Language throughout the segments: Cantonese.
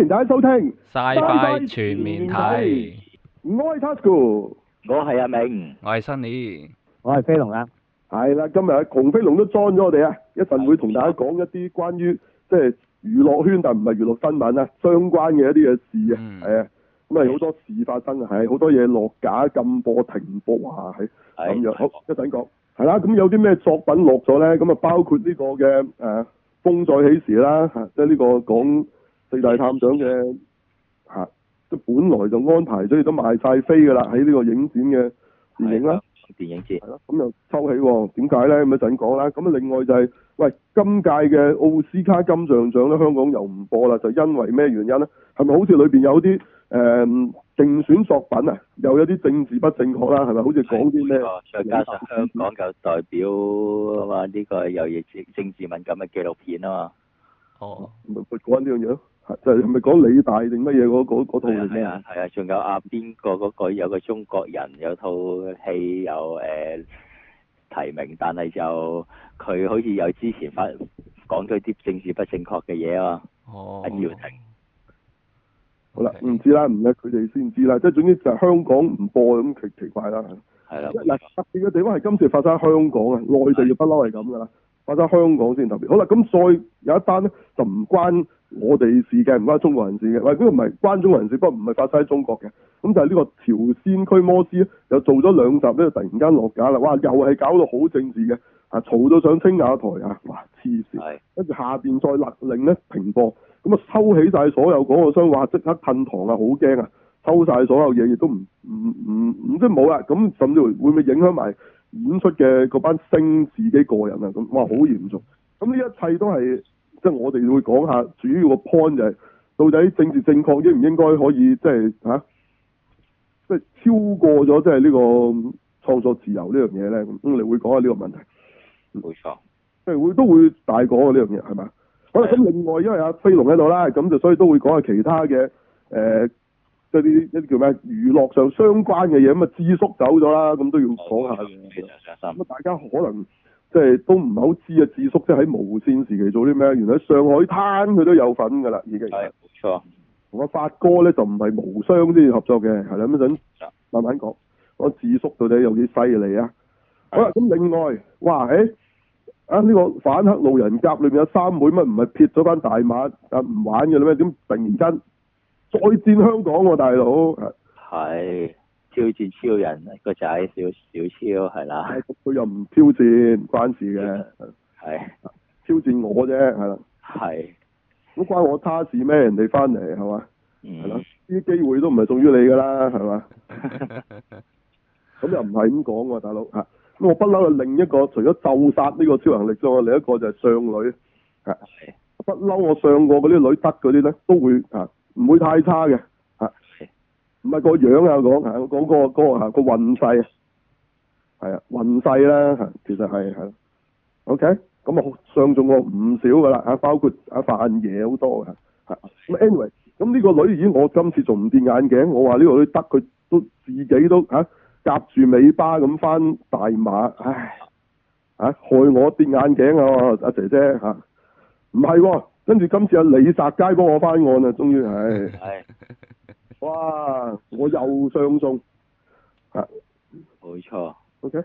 歡迎大家收聽《Sci-Fi 全面睇》面，我係 Tasuku，我係阿銘，我係 Sunny，我係飛龍啊，係啦，今日啊，窮飛龍都裝咗我哋啊，一陣會同大家講一啲關於即係娛樂圈但唔係娛樂新聞啊，相關嘅一啲嘅事啊，啊、嗯，咁啊好多事發生啊，係好多嘢落架、禁播、停播啊，係咁的樣，好的一陣講，係啦，咁有啲咩作品落咗咧？咁啊包括呢、這個嘅誒、呃《風再起時》啦、就是，即係呢個講。四大探長嘅吓，都、啊、本來就安排，所以都賣晒飛噶啦。喺呢個影展嘅電影啦，電影節係咯，咁、嗯、又抽起。點解咧？咁一陣講啦。咁、嗯、啊，另外就係、是、喂，今屆嘅奧斯卡金像獎咧，香港又唔播啦，就因為咩原因咧？係咪好似裏邊有啲誒，競、呃、選作品啊，又有啲政治不正確啦，係咪？好似講啲咩？再加上香港就代表啊呢、這個又係政治敏感嘅紀錄片啊嘛。哦，唔係講緊呢樣嘢。就係咪講理大定乜嘢嗰嗰嗰套戲咧？係啊，仲有阿邊個嗰個有個中國人有套戲有誒提名，但係就佢好似有之前發講咗啲政治不正確嘅嘢啊，要停。好啦，唔知啦，唔知佢哋先知啦。即係總之就係香港唔播咁奇奇怪啦。係啦，特別嘅地方係今次發生香港啊，內地就不嬲係咁噶啦，發生香港先特別。好啦，咁再有一單咧，就唔關。我哋事嘅，唔關中國人事嘅，喂，呢個唔係關中國人事，是不過唔係發生喺中國嘅，咁就係呢個朝鮮驅魔師咧，又做咗兩集，咧突然間落架啦，哇，又係搞到好政治嘅，啊，嘈到上青瓦台啊，哇，黐線，跟住是下邊再勒令咧停播，咁啊收起晒所有廣告商，話即刻褪堂啊，好驚啊，收晒所有嘢，亦都唔唔唔唔即冇啦，咁甚至會唔會影響埋演出嘅嗰班星自己個人啊？咁哇，好嚴重，咁呢一切都係。即係我哋會講下主要個 point 就係到底政治正確應唔應該可以即係嚇，即係、啊、超過咗即係呢個創作自由呢樣嘢咧咁，你會講下呢個問題？冇錯錯，即係會都會大講嘅呢樣嘢係咪？好啦，咁、嗯啊、另外因為阿、啊、飛龍喺度啦，咁就所以都會講下其他嘅誒，即係啲一啲叫咩娛樂上相關嘅嘢咁啊，智叔走咗啦，咁都要講下咁、嗯、大家可能。即係都唔係好知啊！智叔即係喺無線時期做啲咩？原來喺上海灘佢都有份噶啦，已經係冇錯。同阿錯發哥咧就唔係無商啲合作嘅，係啦，等陣慢慢講。嗯、我智叔到底有幾犀利啊？的好啦，咁另外，哇，誒，啊呢個反黑路人甲裏面有三妹乜唔係撇咗班大馬啊唔玩嘅啦咩？點突然間再戰香港喎、啊，大佬係。的挑戰超人個仔小小超係啦，佢、哎、又唔挑戰，唔關事嘅係挑戰我啫，係啦，係咁是關我差事咩？人哋翻嚟係嘛，係、嗯、啦，啲機會都唔係屬於你噶啦，係嘛，咁 又唔係咁講啊，大佬吓咁我不嬲。另一個除咗咒殺呢個超能力之外，另一個就係上女吓，不嬲是我上過嗰啲女得嗰啲咧，都會吓唔、啊、會太差嘅吓。唔係、個樣、那個那個那個那個、啊，我講吓，我講個個吓個運勢，係啊運勢啦，吓其實係係、啊、OK，咁啊上咗個唔少噶啦，吓包括阿范爺好多噶，吓咁、啊、anyway，咁呢個女已我今次仲唔跌眼鏡，我話呢個女得，佢都自己都吓夾住尾巴咁翻大馬，唉，吓、啊、害我跌眼鏡啊，阿、啊、姐姐吓，唔、啊、係，跟住、啊、今次阿李澤楷幫我翻案啊，終於唉。 哇！我又相中吓，冇錯錯。O K，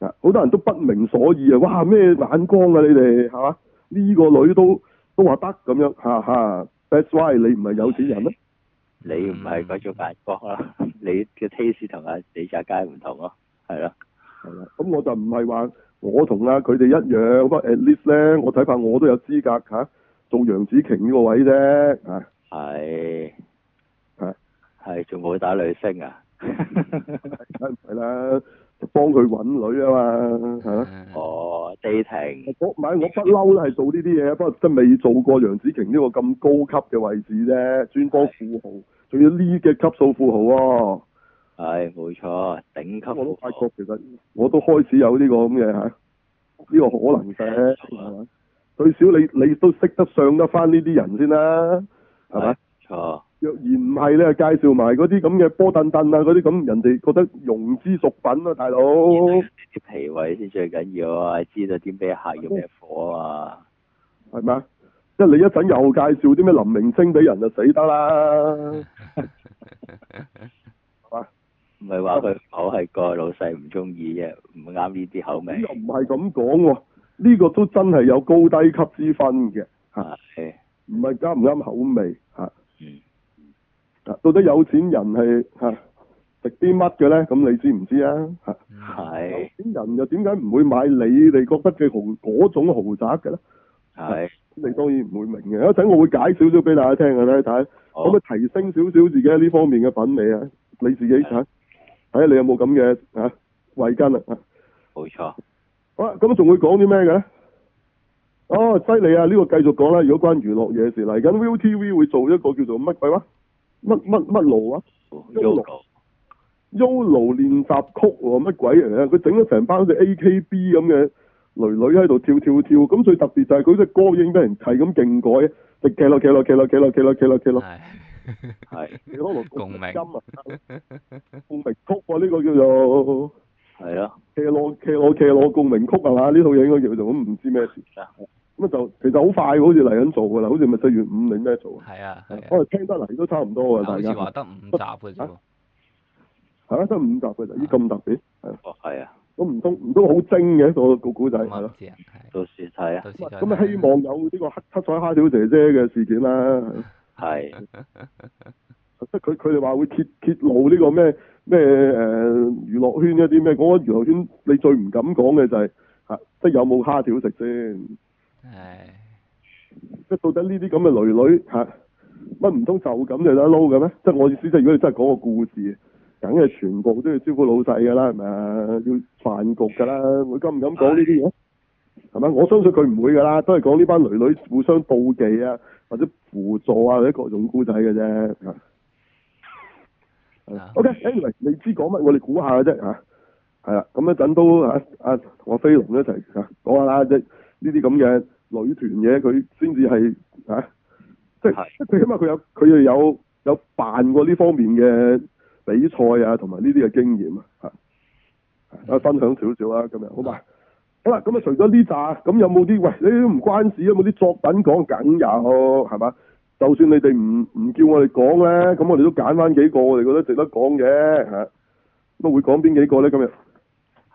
啊，好多人都不明所以啊！哇，咩眼光啊？你哋係嘛？呢個女都都話得咁樣，哈、啊、哈。啊啊啊、That's why 你唔係有錢人咩、啊？ 你唔係鬼咗眼光啦， 你嘅 taste 你街同阿李澤楷唔同咯，係咯、啊，係啦、 嗯。咁我就唔係話我同阿佢哋一樣，不過 at least 咧，我睇怕我都有資格吓、啊、做楊紫瓊呢個位啫，吓係。係仲會打女星啊？係 啦，幫佢搵女嘛啊嘛吓？哦，dating 我唔係我不嬲都係做呢啲嘢，不過真未做過楊子晴呢個咁高級嘅位置啫，專幫富豪，仲要呢嘅級數富豪啊。係冇錯，頂級。我都發覺其實我都開始有呢個咁嘢吓，呢、啊這個可能性，係嘛 吧？最少你你都識得上得翻呢啲人先啦，係咪？錯。若然唔係咧，介紹埋嗰啲咁嘅波凳凳啊，嗰啲咁人哋覺得庸脂俗品啊，大佬。脾胃先最緊要啊，知道啲咩客要咩火啊，係嘛？即係你一陣又介紹啲咩林明星俾人就死得啦，係嘛 吧？唔係話佢我係個老細唔中意嘅，唔啱呢啲口味。啊、又唔係咁講喎，呢、呢個都真係有高低級之分嘅嚇，唔係啱唔啱口味嚇。啊到底有錢人係吓食啲乜嘅咧？咁、啊、你知唔知啊？係有是錢人又點解唔會買你哋覺得嘅豪嗰種豪宅嘅咧？係是、啊、你當然唔會明嘅。一陣我會解少少俾大家聽嘅咧，睇、哦、可唔可以提升少少自己呢方面嘅品味啊？你自己睇睇下，你有冇咁嘅吓慧根啦冇錯。好啦，咁仲會講啲咩嘅咧？哦，犀利啊！啊錯啊呢啊、呢個繼續講啦。如果關娛樂嘢事嚟緊，Viu TV 會做一個叫做乜鬼話？乜乜乜路啊？YOLO YOLO 練習曲喎，乜鬼嚟啊？佢整咗成班好似 A K B 咁嘅女女喺度跳跳跳，咁最特別就係佢隻歌應俾人係咁勁改，就騎咯騎咯騎咯騎咯騎咯騎落騎落，係咯共鳴共鳴曲啊！呢個叫做係咯，騎咯騎咯騎落共鳴曲係嘛？呢套嘢應該叫做唔知咩事啊！咁就其實好快好似嚟緊做㗎啦，好似咪四月五零一做啊？係啊，我哋聽得嚟都差唔多啊，大家。話得五集嘅啫。嚇？嚇？得五集嘅啫，咦，咁特別。哦，係啊。咁唔通唔通好精嘅個個古仔係咯。到時睇啊。咁希望有呢個七七彩蝦條姐姐嘅事件啦。係。即係佢佢哋話會揭揭露呢個咩咩誒娛樂圈一啲咩？講緊娛樂圈，你最唔敢講嘅就係嚇，即係有冇蝦條食先。係即係，唉到底呢啲咁嘅女女吓，乜唔通就咁就得撈嘅咩？即係我意思，即係如果你真係講個故事，梗係全部都要招呼老細噶啦，係咪啊？要飯局噶啦，會敢唔敢講呢啲嘢？係咪唉？我相信佢唔會噶啦，都係講呢班女女互相妒忌啊，或者互助啊，或者各種古仔嘅啫。係啊，O K，y 你知講乜？我哋估下嘅啫吓，係啦。咁一陣都吓阿同阿飛龍一齊吓講下啦，即呢啲咁嘅女團嘢，佢先至係啊，即係佢起碼佢有佢又有有辦過呢方面嘅比賽啊，同埋呢啲嘅經驗啊，啊分享少少啊今日好嘛？好啦，咁啊、嗯嗯、除咗呢扎，咁有冇啲喂你啲唔關事啊？有冇啲作品講梗有係嘛？就算你哋唔唔叫我哋講咧，咁我哋都揀翻幾個我哋覺得值得講嘅吓，咁啊會講邊幾個咧今日？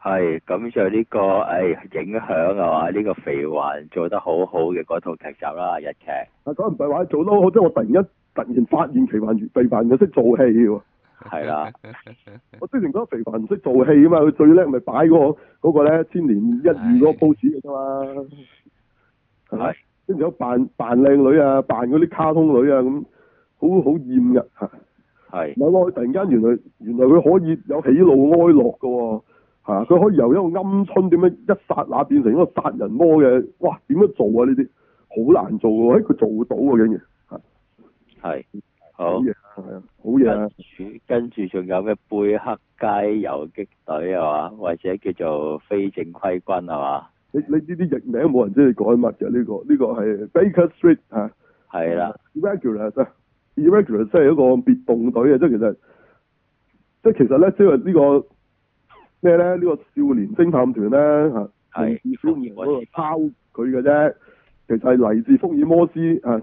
係咁就呢個誒影響啊！呢、呢個肥環做得好好嘅嗰套劇集啦，日劇。嗱，咁唔係話佢做得好，即係我突然間突然發現幻肥環肥環就識做戲喎。係 啦， 我雖然覺得肥環唔識做戲啊嘛，佢最叻咪擺個嗰個咧千年一遇嗰個 pose 嘅啫嘛，係咪唉？跟住有扮扮靚女啊，扮嗰啲卡通女啊，咁好好厭嘅。係。嗱是，我 突然間原來原來佢可以有喜怒哀樂嘅。 係佢、啊、可以由一個鵪鶉點樣一剎那變成一個殺人魔嘅，哇！點樣做啊？呢啲好難做喎，誒、欸，佢做到啊。竟、啊、然。係，好，好嘢是、啊、跟住，仲有咩貝克街游擊隊係嘛，或者叫做非正規軍係、啊、嘛、嗯？你你呢啲譯名冇人知你改乜嘅呢個？呢、這個係 Baker Street 吓、啊。係啦的。Irregular 真 Irregular 真係一個別動隊嘅，即、就、係、是、其實，即、就、係、是、其實咧，即係呢個。咩咧？呢個少年偵探團咧嚇，係是福爾摩斯包佢嘅啫。其實係嚟自福爾摩斯嚇、啊、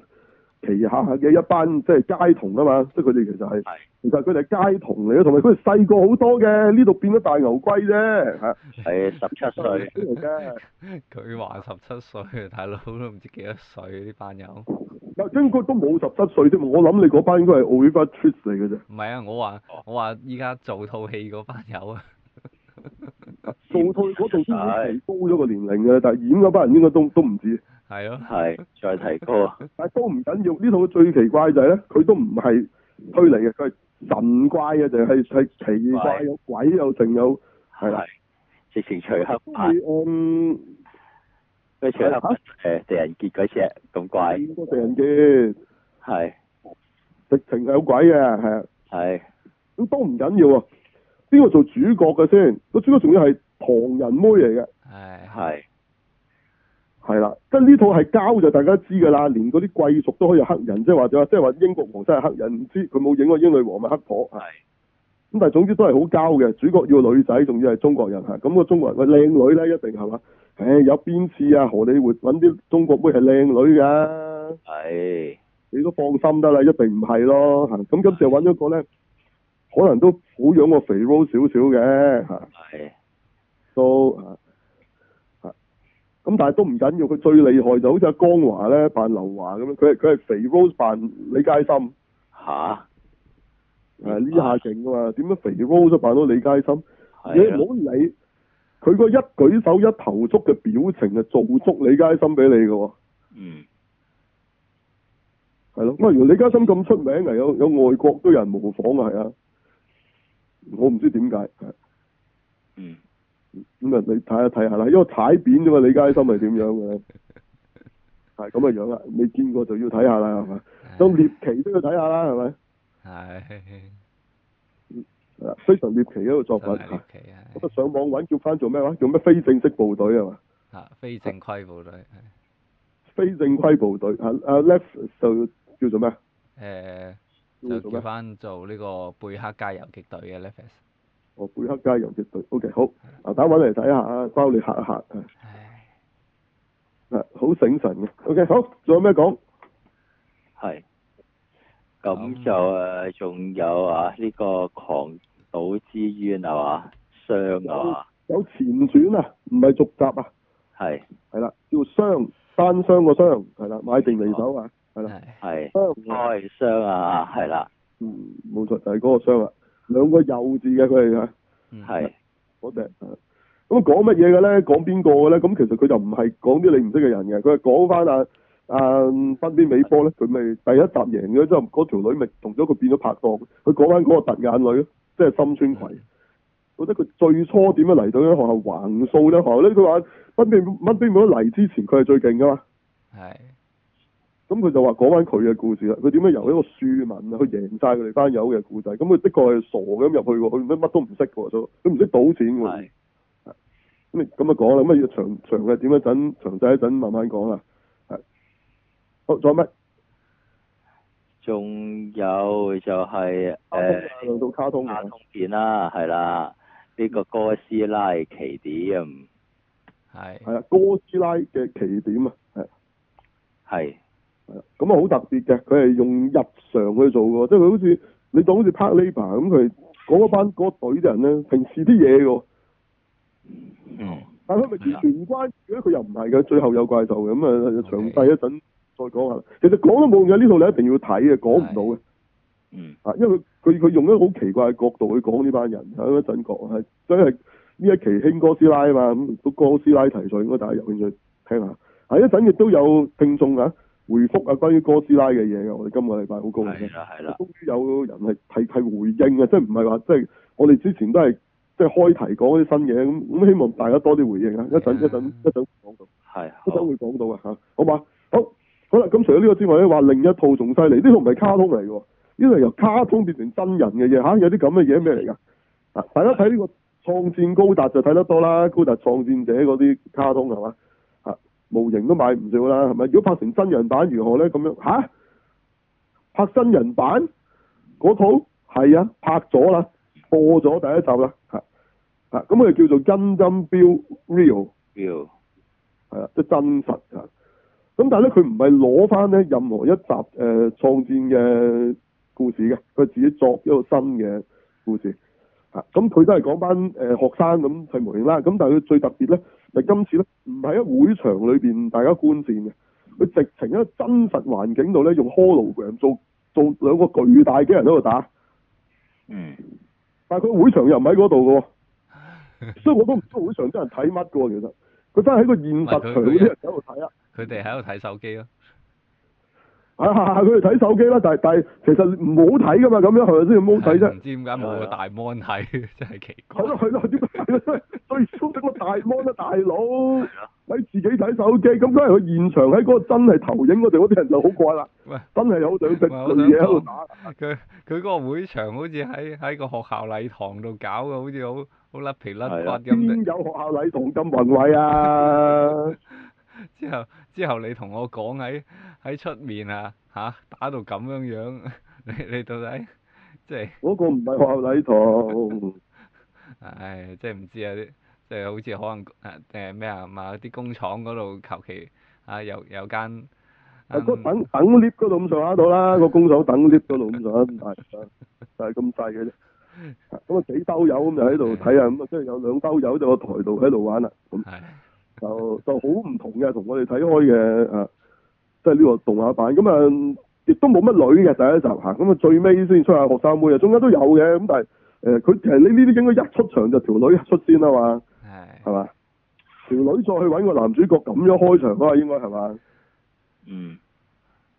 旗下嘅一班即係街童啊嘛。即係佢哋其實係，是其實佢哋係街童嚟嘅，同埋佢哋細個好多嘅。呢度變咗大牛龜啫嚇。係十七歲佢話十七歲，大佬都唔知幾多歲呢班友。 應該都冇十七歲啫。我諗你嗰班應該係奧利巴 t e 嚟嘅啫。唔係啊！我話我話，依家做套戲嗰班友啊。 做退嗰陣時雖然提高咗個年齡嘅， 但係演嗰班人應該都都唔止，係啊， 係再提高。 但係都唔緊要。呢套最奇怪就係、是、咧，佢都唔係推理嘅，佢係神怪啊，定係係奇怪是有鬼有定有。係的，時時刻刻拍。嗯，佢除咗誒狄仁傑嗰隻咁怪。狄仁傑。係，直情係有鬼嘅，係啊。係的。咁都唔緊要啊。邊個做主角嘅先？個主角仲要係唐人妹嚟嘅，係係係啦。即係呢套係交就大家知噶啦。連嗰啲貴族都可以有黑人，即係話咗，即係話英國王真係黑人。唔知佢冇影過英女王咪、就是、黑婆。係咁是，但係總之都係好交嘅。主角要女仔，仲要係中國人吓。咁、那個中國人，喂，靚女啦，一定係嘛？誒，有邊次啊，荷里活揾啲中國妹係靚女噶。係是你都放心得啦，一定唔係咯吓。咁今次又揾咗個咧。的可能都好養個肥 r o 少少嘅吓，都吓咁，但係都唔緊要。佢最厲害就好似阿江華咧扮劉華咁樣，佢係佢係肥 Rose 扮李佳芯吓，誒呢下勁噶嘛？點樣肥 Rose 都扮到李佳芯？你唔好理佢個一舉手一投足嘅表情啊，做足李佳芯俾你噶。嗯，係咯。咁啊，原來李佳芯咁出名啊，有有外國都有人模仿啊，係啊。我唔知點解，嗯，咁啊，你睇下睇下啦，因為踩扁啫嘛，李佳心係點樣嘅，係咁嘅樣啦，你見過就要睇下啦，係嘛，咁獵奇都要睇下啦，係咪？係，非常獵奇一個作品，獵奇啊，咁啊，上網搵叫翻做咩話？用咩非正式部隊啊嘛？啊，非正規部隊，非正規部隊，啊阿 Left 就叫做咩？誒、呃。又做翻做呢個貝克街游擊隊嘅呢 fans 貝克街游擊隊，O K 好，嗱等我嚟睇下啊，包你嚇一嚇啊，唉好醒神嘅，O K 好，仲有咩講？係是，咁就誒、啊、仲有啊呢、這個狂賭之淵係嘛，雙係嘛，有前傳啊，唔係續集啊，係是，係啦，叫雙單雙個雙，係啦，買定離手啊。係啦，係傷愛傷啊，係啦，嗯，冇錯就係嗰個傷啊，兩個幼稚嘅佢哋啊，係，好明咁啊講乜嘢嘅咧？講邊個嘅咧？咁其實佢就唔係講啲你唔識嘅人嘅，佢係講翻啊啊濱邊美波咧，佢咪第一集贏咗之後嗰條女咪同咗佢變咗拍檔，佢講翻嗰個突眼女，即係森川葵，覺得佢最初點樣嚟到呢學校橫掃呢？學校咧，佢話濱邊濱邊冇得嚟之前，佢係最勁噶嘛，係。咁佢就話講翻佢嘅故事啦。佢點樣由一個庶民去贏晒佢哋班友嘅故仔？咁佢的確係傻咁入去嘅，佢乜乜都唔識嘅，都佢唔識賭錢嘅。咁咪咁咪講啦。咁要長長嘅點一陣，長滯一陣，慢慢講啦。係。好，仲有咩？仲有就係、是、誒，卡通片啦，係啦，呢、這個哥斯拉奇點啊，係係啦，哥斯拉嘅奇點啊，係係。是咁啊好特別嘅。佢係用日常去做嘅，即係佢好似你當好似 Park Liva 咁，佢嗰班嗰隊啲人咧，平時啲嘢喎。嗯、但係佢咪完全唔關佢、嗯、又唔係嘅，最後有怪獸嘅咁啊。詳、嗯、細、嗯、一陣再講下，其實講都冇用嘅。呢套你一定要睇嘅，講唔到嘅。嗯，啊，因為佢佢佢用一個好奇怪嘅角度去講呢班人。等一陣講係真係呢一期《興哥斯拉》啊嘛，《哥斯拉題材應該大家入去再聽，聽，聽下。係一陣亦都有聽眾啊。回復啊，關於哥斯拉嘅嘢嘅，我哋今個禮拜好高興，係啦係啦，終於有人係睇係回應嘅，即係唔係話即係我哋之前都係即係開題講啲新嘢，咁咁希望大家多啲回應啊，一陣 一陣一陣講到，係 一陣會講到啊吓，好嘛，好好啦，咁除咗呢個之外咧，話另一套仲犀利，呢套唔係卡通嚟嘅，呢個由卡通變成真人嘅嘢，吓有啲咁嘅嘢咩嚟噶？啊，大家睇呢個創戰高達就睇得多啦，高達創戰者嗰啲卡通係嘛。模型都買唔少啦，係咪？如果拍成真人版如何呢？咁樣吓、啊，拍真人版嗰套係啊，拍咗啦，播咗第一集啦，吓、啊，咁佢叫做 Gundam Build Real，係啦、啊，即真實啊。咁但係咧，佢唔係攞翻呢任何一集誒、呃、創戰嘅故事嘅，佢自己作一個新嘅故事。咁佢都係講班誒學生咁細模型啦。咁但係佢最特別咧，係、就是、今次咧唔係喺會場裏邊大家觀戰嘅，佢直情喺真實環境度咧用 Hologram 做做，做兩個巨大嘅人喺度打。嗯。但係佢會場又唔喺嗰度嘅， 所以我都唔知會場真係睇乜嘅喎。其實佢真係喺個現實場啲人喺度睇啊。佢哋喺度睇手機咯、啊。啊！佢哋睇手機啦，但係但係其實唔好睇噶嘛，咁樣係咪先唔冇睇啫？唔知點解冇個大 mon 睇，真係奇怪。係咯係咯，點解？所以都等個大 mon 啦，大佬，你自己睇手機。咁梗係佢現場喺嗰個真係投影嗰度，啲人就好怪啦。喂真係好對唔住嘅嘢。佢佢嗰個會場好似喺喺個學校禮堂度搞嘅，好似好好甩皮甩骨咁。邊的有學校禮堂咁宏偉啊？ 之後之後你同我講喺喺出面啊，嚇打到咁樣樣，你你到底即係嗰個唔係學校禮堂。唉，即係唔知啊啲，即係好似可能誒咩啊嘛啲工廠嗰度求其啊，啊，啊，啊有有間。啊啊、等等 lift 嗰度咁上下度啦，個工廠等 lift 嗰度咁上下， 就係咁細嘅啫。咁啊幾兜友，咁就喺度睇下。咁啊即係有兩兜友，就個台度喺度玩啦。係、啊。 就就好唔同嘅，同我哋睇開嘅，誒、啊，即係呢個動畫版咁啊，亦都冇乜女嘅第一集吓，咁啊最尾先出下學生妹啊，中間都有嘅，咁但係誒，佢其實呢呢啲應該一出場就條女一出先啊嘛，係係嘛，條 女再去揾個男主角咁樣開場啦，應該係嘛，嗯，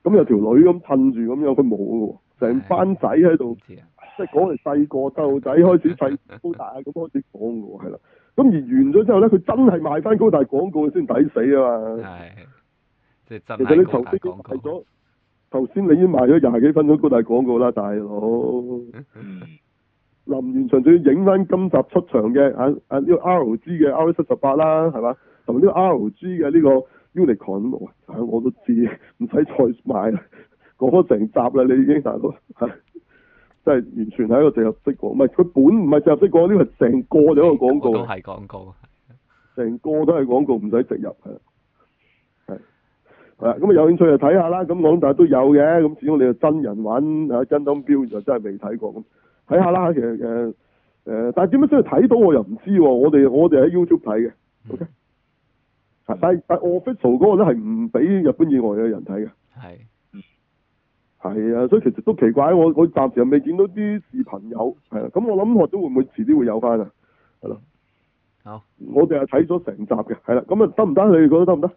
咁有條女咁襯住咁樣，佢冇嘅，成班仔喺度，即係嗰陣細個鬥仔開始細高大咁開始講嘅，係啦。咁而完咗之後咧，佢真係賣翻高大廣告先抵死啊嘛！係，即係真係高大廣告。其實你頭先賣咗，頭先，你已經賣咗廿幾分鐘高大廣告啦，大佬。 臨完場仲要影翻今集出場嘅啊啊呢個 RG 嘅 RG 七十八啦，係嘛？同埋呢個 RG 嘅呢個 Unicorn，我都知，唔使再賣啦，講咗成集啦，你已經大佬。啊。即係完全係一個植入式廣告，唔係佢本唔係植入式廣告，呢個係成個就一個廣告， 都係廣告，成個都係廣告，唔使植入嘅，係係啦，咁有興趣就睇下啦，咁我諗但係都有嘅，咁始終我哋係真人玩啊、er, Gundam Build Real，就真係未睇過咁，睇下啦，其實誒誒、呃，但係點樣先去睇到我又唔知，我哋我哋喺 YouTube 睇嘅、嗯、，OK，但係但係 official 嗰個咧係唔俾日本以外嘅人睇嘅，係。係啊，所以其實都奇怪，我我暫時又未見到啲視頻有，係啦、啊，咁我諗學咗會唔會遲啲會有翻啊？係咯、oh.，好、啊，我就係睇咗成集嘅，係啦，咁啊得唔得？你哋覺得得唔得？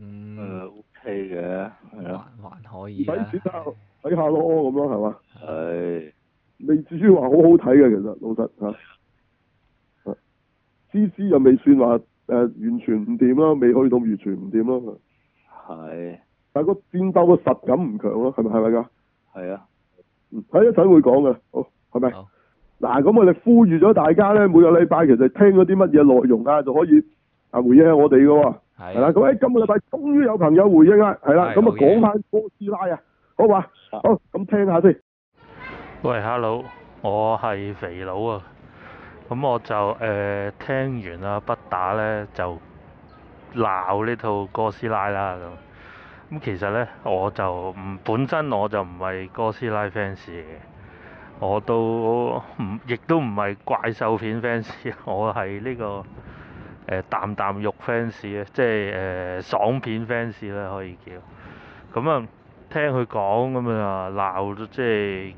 嗯，O K 嘅，係、okay、啊還，還可以、啊，睇下，下咯，咁咯、啊，係嘛、啊？係，未至於話好好睇嘅，其實老實吓、啊啊、，C C 又未算話誒、呃、完全唔掂啦，未去到完全唔掂啦，係、啊。但係個戰鬥個實感唔強咯，係咪係咪噶？係啊，睇一睇會講嘅，好係咪？嗱，咁好、啊、我哋呼籲咗大家咧，每個禮拜其實聽咗啲乜嘢內容啊，就可以啊回應我哋嘅，係啦。咁誒，今個禮拜終於有朋友回應啊，係啦、啊，咁啊講翻哥斯拉啊，好嘛？啊、好，咁聽下先。喂，Hello，我係肥佬啊，咁我就誒、呃、聽完阿不打咧就鬧呢套哥斯拉啦咁。咁其實咧，我就唔本身我就唔係哥斯拉 fans 嘅，我都唔亦都唔係怪獸片 fans，我係呢、這個誒啖啖肉 fans 啊，即係誒、呃、爽片 fans 啦可以叫。咁、嗯、啊，聽佢講咁啊鬧咗，即係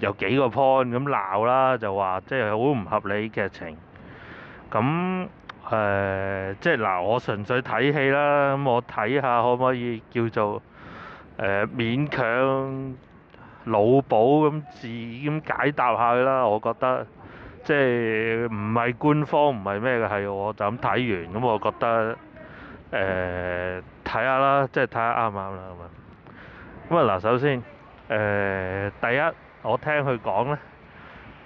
有幾個 point 咁鬧啦，就話即係好唔合理劇情，咁。誒、呃，即係嗱、呃，我純粹睇戲啦，咁、嗯、我睇下可唔可以叫做誒、呃、勉強腦補咁自己咁解答下佢啦。我覺得即係唔係官方唔係咩嘅，係我，我就咁睇完，咁、嗯、我覺得誒睇、呃、下啦，即係睇下啱唔啱啦咁啊。咁啊嗱，首先誒、呃、第一，我聽佢講咧，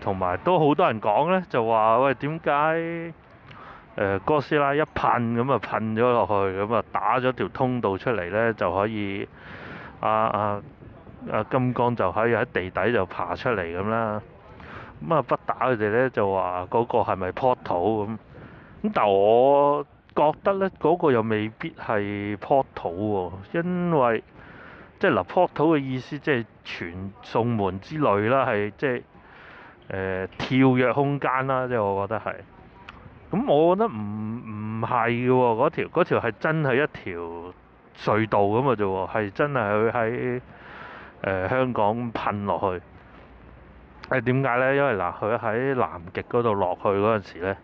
同埋都好多人講咧，就話喂點解？誒、呃、哥斯拉一噴咁啊、嗯、噴咗落去，咁、嗯、啊打咗條通道出嚟咧，就可以阿阿阿金剛就可以喺、啊、地底就爬出嚟咁啦。咁、嗯、啊、嗯、不打佢哋咧就話嗰個係咪坡土咁？咁、嗯、但係我覺得咧嗰、嗰個又未必係坡土喎，因為即係嗱坡土嘅意思即係傳送門之類啦，係即係誒、呃、跳躍空間啦，即係我覺得係。咁我覺得唔唔係嘅喎，嗰條嗰條係真係一條隧道咁啊！啫喎，係真係佢喺誒香港噴落去。誒，點解咧？因為嗱，佢、呃、喺南極嗰度落去嗰陣時咧，誒、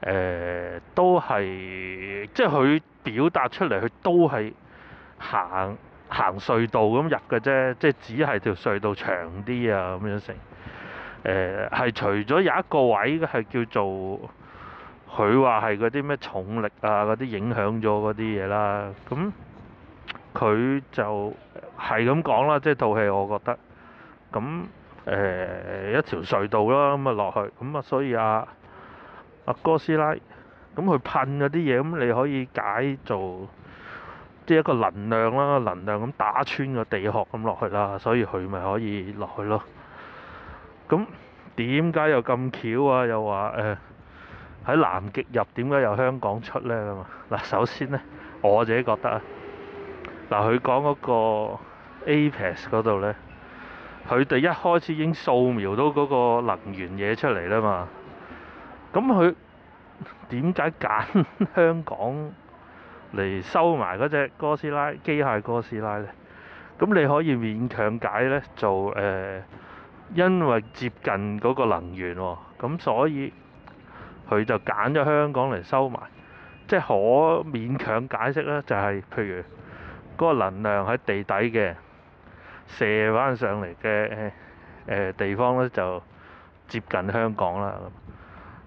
呃、都係即係佢表達出嚟，佢都係行行隧道咁入嘅啫，即係只係條隧道長啲啊咁樣成。誒、呃、係除咗有一個位係叫做。佢話係嗰啲咩重力啊，嗰啲影響咗嗰啲嘢啦。咁佢就係咁講啦，即係套戲，我覺得咁誒、呃、一條隧道啦，咁啊落去，咁啊所以阿、啊、哥斯拉咁佢噴嗰啲嘢，咁你可以解做即係一個能量啦，能量咁打穿個地殼咁落去啦，所以佢咪可以落去咯。咁點解又咁巧啊？又話誒？欸喺南極入，點解由香港出呢？啊嘛嗱，首先呢，我自己覺得啊，嗱，佢講嗰個 Apex 嗰度呢，佢哋一開始已經掃描到嗰個能源嘢出嚟啦嘛。咁佢點解揀香港嚟收埋嗰隻哥斯拉、機械哥斯拉呢？咁你可以勉強解呢，就誒，因為接近嗰個能源喎，咁所以。佢就揀咗香港嚟收埋，即係可勉強解釋咧，就係譬如嗰個能量喺地底嘅射翻上嚟嘅誒地方咧，就接近香港啦。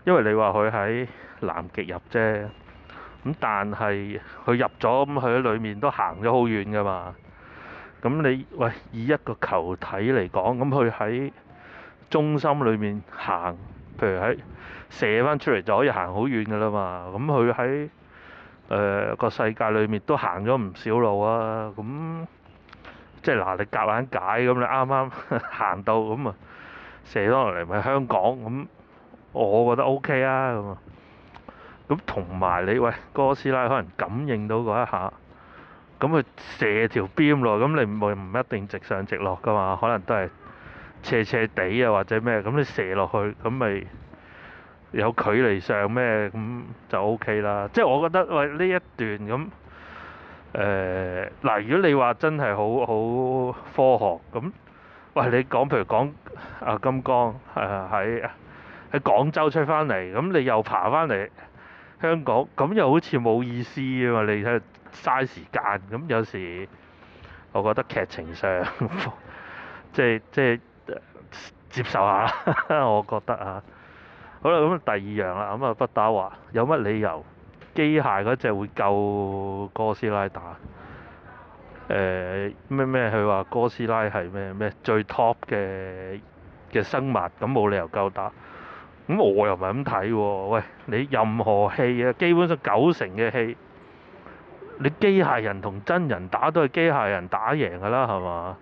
因為你話佢喺南極入啫，咁但係佢入咗咁，佢喺裡面都行咗好遠噶嘛。咁你喂，以一個球體嚟講，咁佢喺中心裡面行，譬如喺射翻出嚟就可以行好遠嘅啦嘛，咁佢喺誒個世界裏面都行咗唔少路啊，咁即係嗱你夾硬解咁，你啱啱行到咁啊，射翻落嚟咪香港咁，我覺得 O K 啊咁啊，咁同埋你喂哥斯拉可能感應到嗰一下，咁佢射條 beam 落，咁你咪唔一定直上直落噶嘛，可能都係斜斜地啊或者咩，咁你射落去咁咪？有距離上咩咁就 O K 啦，即係我覺得喂呢一段咁誒嗱，如果你話真係好好科學咁，喂你講譬如講阿、啊、金剛係喺喺廣州出翻嚟，咁你又爬翻嚟香港，咁又好似冇意思啊嘛，你喺度嘥時間，咁有時我覺得劇情上 即係即係接受下 我覺得啊。好啦，咁第二樣啦，咁啊不打話，有乜理由機械嗰隻會夠哥斯拉打？誒咩咩？佢話哥斯拉係咩咩最 top 嘅嘅生物，咁冇理由夠打。咁我又唔係咁睇喎。喂，你任何戲啊，基本上九成嘅戲，你機械人同真人打都係機械人打贏㗎啦，係嘛？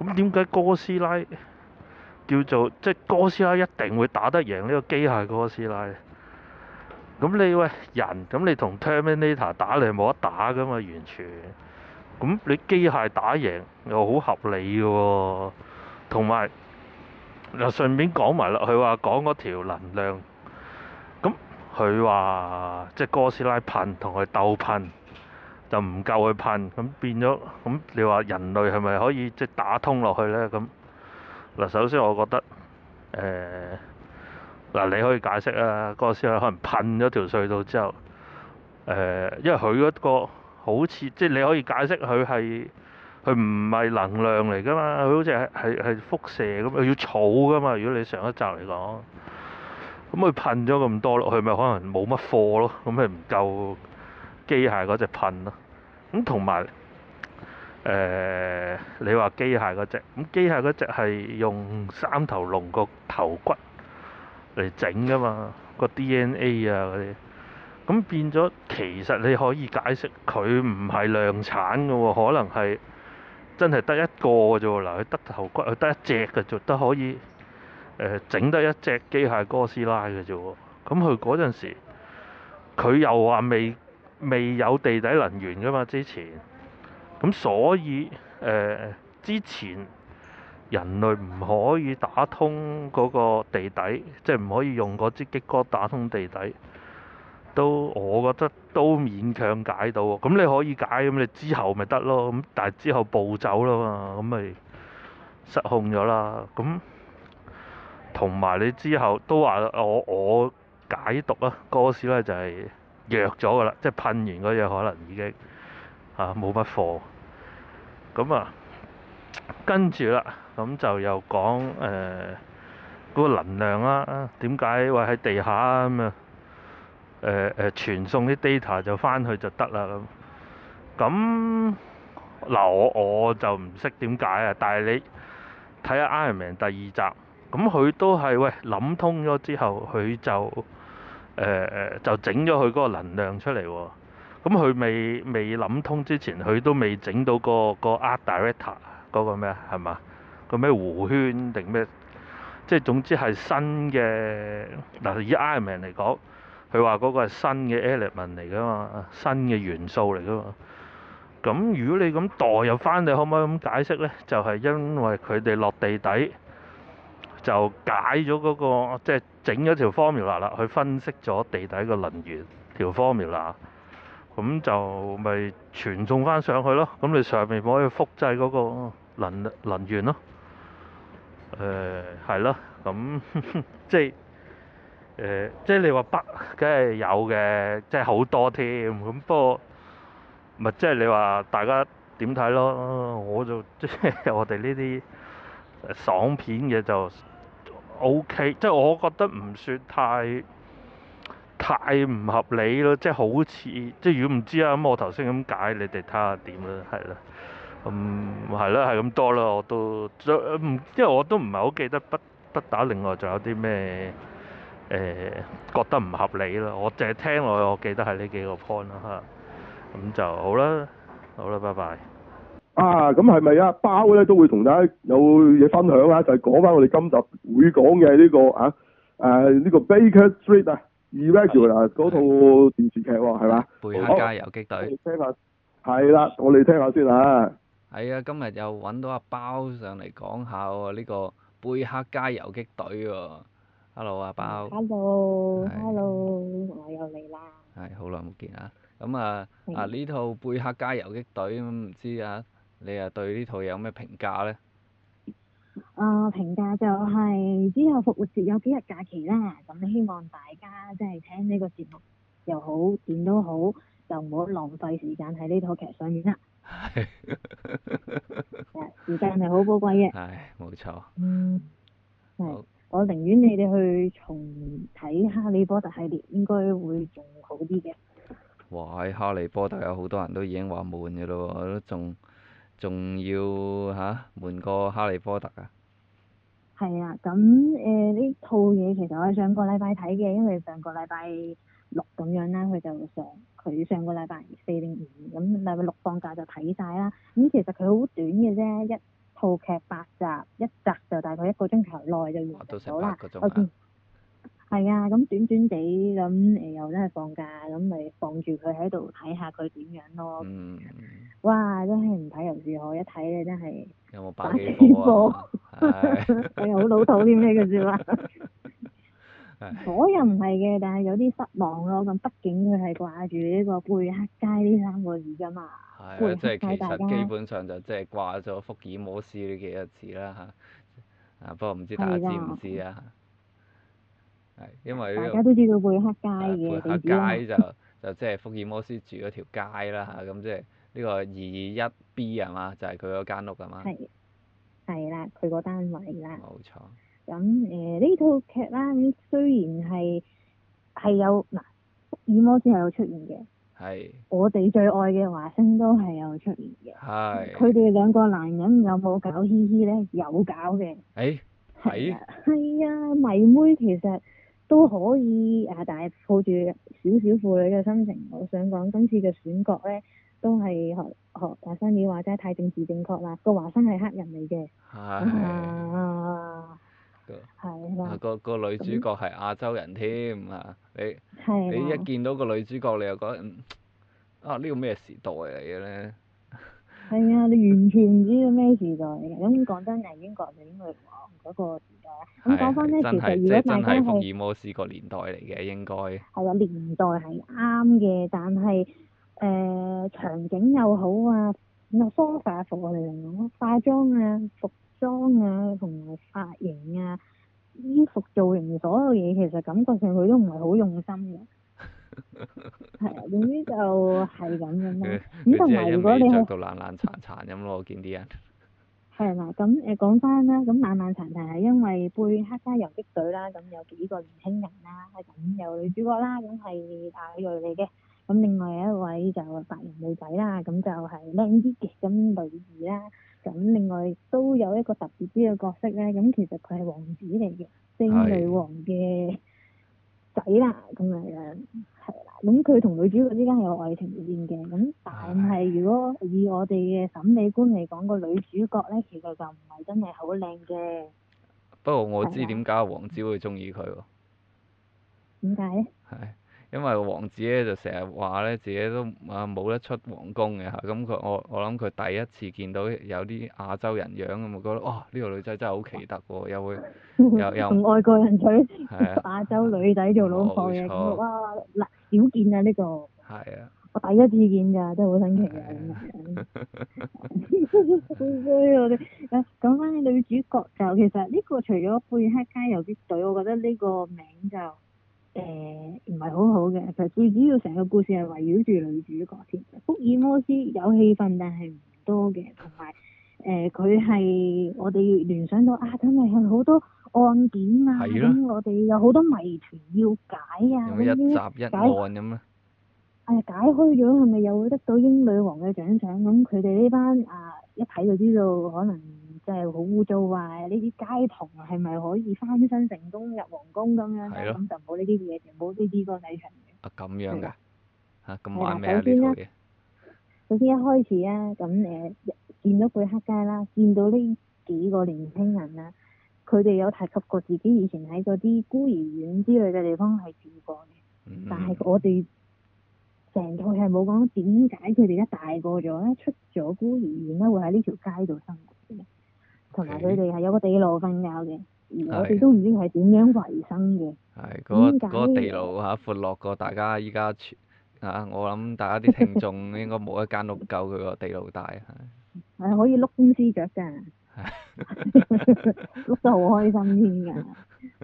咁點解哥斯拉？叫做即係哥斯拉一定會打得贏呢個機械哥斯拉嘅。咁你喂人，咁你同 Terminator 打你係冇得打噶嘛？完全。咁你機械打贏又好合理嘅喎。同埋嗱，順便講埋落去話講嗰條能量。咁佢話即係哥斯拉噴同佢鬥噴就唔夠去噴，咁變咗咁你話人類係咪可以即係打通落去咧？咁嗱，首先我覺得，誒，嗱，你可以解釋啊，嗰時候可能噴咗條隧道之後，誒、呃，因為佢嗰個好似，即係你可以解釋佢係，佢唔係能量嚟噶嘛，佢好似係係係輻射咁，佢要儲噶嘛。如果你上一集嚟講，咁佢噴咗咁多咯，佢咪可能冇乜貨咯，咁咪唔夠機械嗰隻噴咯，咁同埋。誒、呃，你話機械嗰隻，咁機械嗰隻係用三頭龍個頭骨嚟整㗎嘛？個 DNA 啊嗰啲，咁變咗其實你可以解釋佢唔係量產㗎喎、哦，可能係真係得一個㗎啫喎。嗱，佢得頭骨，佢得一隻㗎啫，得可以誒整、呃、得一隻機械哥斯拉㗎啫喎。咁佢嗰陣時，佢又話未未有地底能源㗎嘛？之前。咁所以誒、呃，之前人類唔可以打通嗰個地底，即係唔可以用嗰支激光打通地底，都我覺得都勉強解到。咁你可以解，咁你之後咪得咯。咁但係之後暴走啦嘛，咁咪失控咗啦。咁同埋你之後都話我我解讀啦，哥斯拉就係弱咗噶啦，即係噴完嗰隻可能已經。嚇冇乜貨，咁啊，啊跟住啦、啊，咁就又講誒嗰、呃那個能量啦、啊，點解喂喺地下咁啊誒誒、呃呃、傳送啲 data 就翻去就得啦咁，咁嗱、啊、我我就唔識點解啊，但係你睇下 Iron Man 第二集，咁、嗯、佢都係喂諗通咗之後，佢就誒誒、呃、就整咗佢嗰個能量出嚟喎、啊。咁佢未未諗通之前，佢都未整到、個、個 art director 嗰個咩啊？係嘛？個咩弧圈定咩？即係總之係新嘅嗱，以 Iron Man 嚟講，佢話嗰個係新嘅 element 嚟㗎嘛，新嘅元素嚟㗎嘛。咁如果你咁代入翻，你可唔可以咁解釋咧？就係、是、因為佢哋落地底就解咗嗰、個，即、就、係、是、整咗條 formula 啦，去分析咗地底嘅能源條 formula。咁就咪傳送翻上去咯，咁你上面可以複製嗰個能能源咯。誒、呃、係、嗯呃、咯，咁即係誒即係你話北梗係有嘅，即係好多添。咁不過咪即係你話大家點睇咯？我就即係我哋呢啲爽片嘅就 OK，即係我覺得唔算太。太唔合理咯，即係好似即係如果唔知啊，咁我頭先咁解，你哋睇下點啦，係啦，咁係咯，係咁多啦，我都即係我都唔係好記得不不得打另外仲有啲咩誒覺得唔合理咯，我淨係聽落去，我記得係呢幾個 point 啦嚇，咁、啊、就好啦，好啦，拜拜。啊，咁係咪啊？包咧都會同大家有嘢分享啊，就係講翻我哋今集會講嘅呢個啊誒呢、呢個 Baker Street 啊。e v e 嗱嗰套電視劇喎係嘛？貝克街游擊隊。聽下係啦，我哋聽下先啊。係啊，今日又揾到阿包上嚟講下喎，呢個貝克街游擊隊喎。Hello 阿包。Hello，Hello，我又嚟啦。係好耐冇見啊！咁的啊啊呢套貝克街游擊隊，唔知啊，你啊對呢套有咩評價咧？啊、呃，評價就係、是、之後復活節有幾日假期啦，咁希望大家即係聽呢個節目又好，點都好，就唔好浪費時間喺呢套劇上面啦。係。誒，時間係好寶貴嘅。係 冇錯。嗯。係 我寧願你哋去重睇《哈利波特》系列，應該會仲好啲嘅。哇！喺《哈利波特》有好多人都已經話悶嘅咯喎，我都仲～仲要嚇，換、啊、個哈利波特啊！係啊，咁誒呢套嘢其實我係上個禮拜睇嘅，因為上個禮拜六咁樣啦，佢就上佢上個禮拜四定五咁，禮拜六放假就睇晒啦。咁、嗯、其實佢好短嘅啫，一套劇八集，一集就大概一個鐘頭內就完咗啦。啊都成係啊，咁 短短地咁誒，又真係放假，咁咪放住佢喺度睇下佢點樣咯。嗯，嗯，嗯。 哇！真係唔睇又如何，一睇咧真係 。有冇擺幾波？我又好老土添，呢句説話。果又唔係嘅，但係有啲失望咯。咁畢竟佢係掛住呢個貝克街呢三個字啫嘛。係啊，即係其實基本上就即係掛咗福爾摩斯呢幾個字啦嚇。啊！不過唔知大家知唔知啊？係，因為大家都知道貝克街嘅貝克街就就即係福爾摩斯住嗰條街啦嚇，咁即係呢個二二一 B 啊嘛，就係佢嗰間屋啊嘛。係。係啦，佢個單位啦。冇錯。咁誒呢套劇啦，咁雖然係係有嗱福爾摩斯係有出現嘅。係。我哋最愛嘅華生都係有出現嘅。係。佢哋兩個男人有冇搞嘻嘻咧？有搞嘅。誒。係。係啊，迷妹其實～都可以啊，但係抱住少少婦女嘅心情，我想講今次嘅選角咧，都係學學華生你話真係太政治正確啦，個華生係黑人嚟嘅，係唉啊，係啊，個女主角係亞洲人添啊，你你一見到個女主角，你又覺得、嗯、啊呢個咩時代嚟嘅咧？係啊，你 完全唔知道咩時代嚟嘅。咁講真，係英國就應該講嗰個時代。咁講翻咧，其實如果大家係福爾摩斯個年代嚟嘅，應該係啊年代係啱嘅，但係誒、呃、場景又好啊，個 sofa 貨嚟講，化妝啊、服裝啊同埋髮型啊、衣服造型所有嘢，其實感覺上佢都唔係好用心嘅。係 啊、 嗯，總之就係咁樣啦。咁同埋如果你係。着到爛爛殘殘咁咯，見啲人。係、嗯、啦，咁誒講翻啦，咁、嗯《爛爛殘殘》係因為貝克街游擊隊啦，咁、嗯、有幾個年輕人啦，咁、嗯、有女主角啦，咁係亞裔嚟嘅，咁、嗯、另外有一位就白人女仔啦，咁、嗯、就係靚啲嘅，咁、嗯、女兒啦，咁、嗯、另外都有一個特別啲嘅角色咧，咁、嗯、其實佢係王子嚟嘅，正女王嘅。仔啦，咁樣，係啦，咁佢同女主角之間係有愛情線嘅，咁但係如果以我哋嘅審美觀嚟講，個女主角咧其實就唔係真係好靚嘅。不過我知點解黃子會中意佢喎，點解咧？係。因為王子咧就成日話咧自己都啊冇得出皇宮嘅嚇，咁、啊、佢我我諗佢第一次見到有啲亞洲人樣咁，我覺得哇呢、呢個女仔真係好奇特喎、啊，又會又同 外國人娶亞洲女仔做老婆啊，哇嗱少見啊呢、呢個，啊、我第一次見㗎，真係好新奇啊咁是啊，好講翻起女主角就其實呢個除咗貝克街游擊隊，我覺得呢個名就。誒唔係好好嘅，其實最主要成個故事係圍繞住女主角先。福爾摩斯有戲份但係唔多嘅，同埋誒佢係我哋聯想到啊，真係係好多案件啊，咁的、嗯、我哋有好多謎團要解啊，咁樣一集一案咁啊解，解開咗係咪又會得到英女王嘅獎賞？咁佢哋呢班啊一睇就知道可能。即係好污糟啊！呢啲街童係咪可以翻身成功入皇宮咁樣？咁就冇呢啲嘢，冇呢啲光仔出現。啊，咁樣㗎？咁話咩首先、啊、一開始咧、啊，咁誒、呃、見到佢黑街啦，見到呢幾個年輕人啊，佢哋有提及過自己以前喺嗰啲孤兒院之類嘅地方係住過嘅。嗯嗯，但係我哋成套係冇講點解佢哋而家大個咗咧，出咗孤兒院咧、啊，會喺呢條街度生活同埋佢哋係有個地牢瞓覺嘅，我哋都唔知係點樣維生嘅。係嗰的、嗰個嗰個地牢嚇、啊、闊落過大家依家，啊，我諗大家啲聽眾應該冇一間屋夠佢個地牢大。係可以碌公司腳㗎，碌 得好開心添㗎，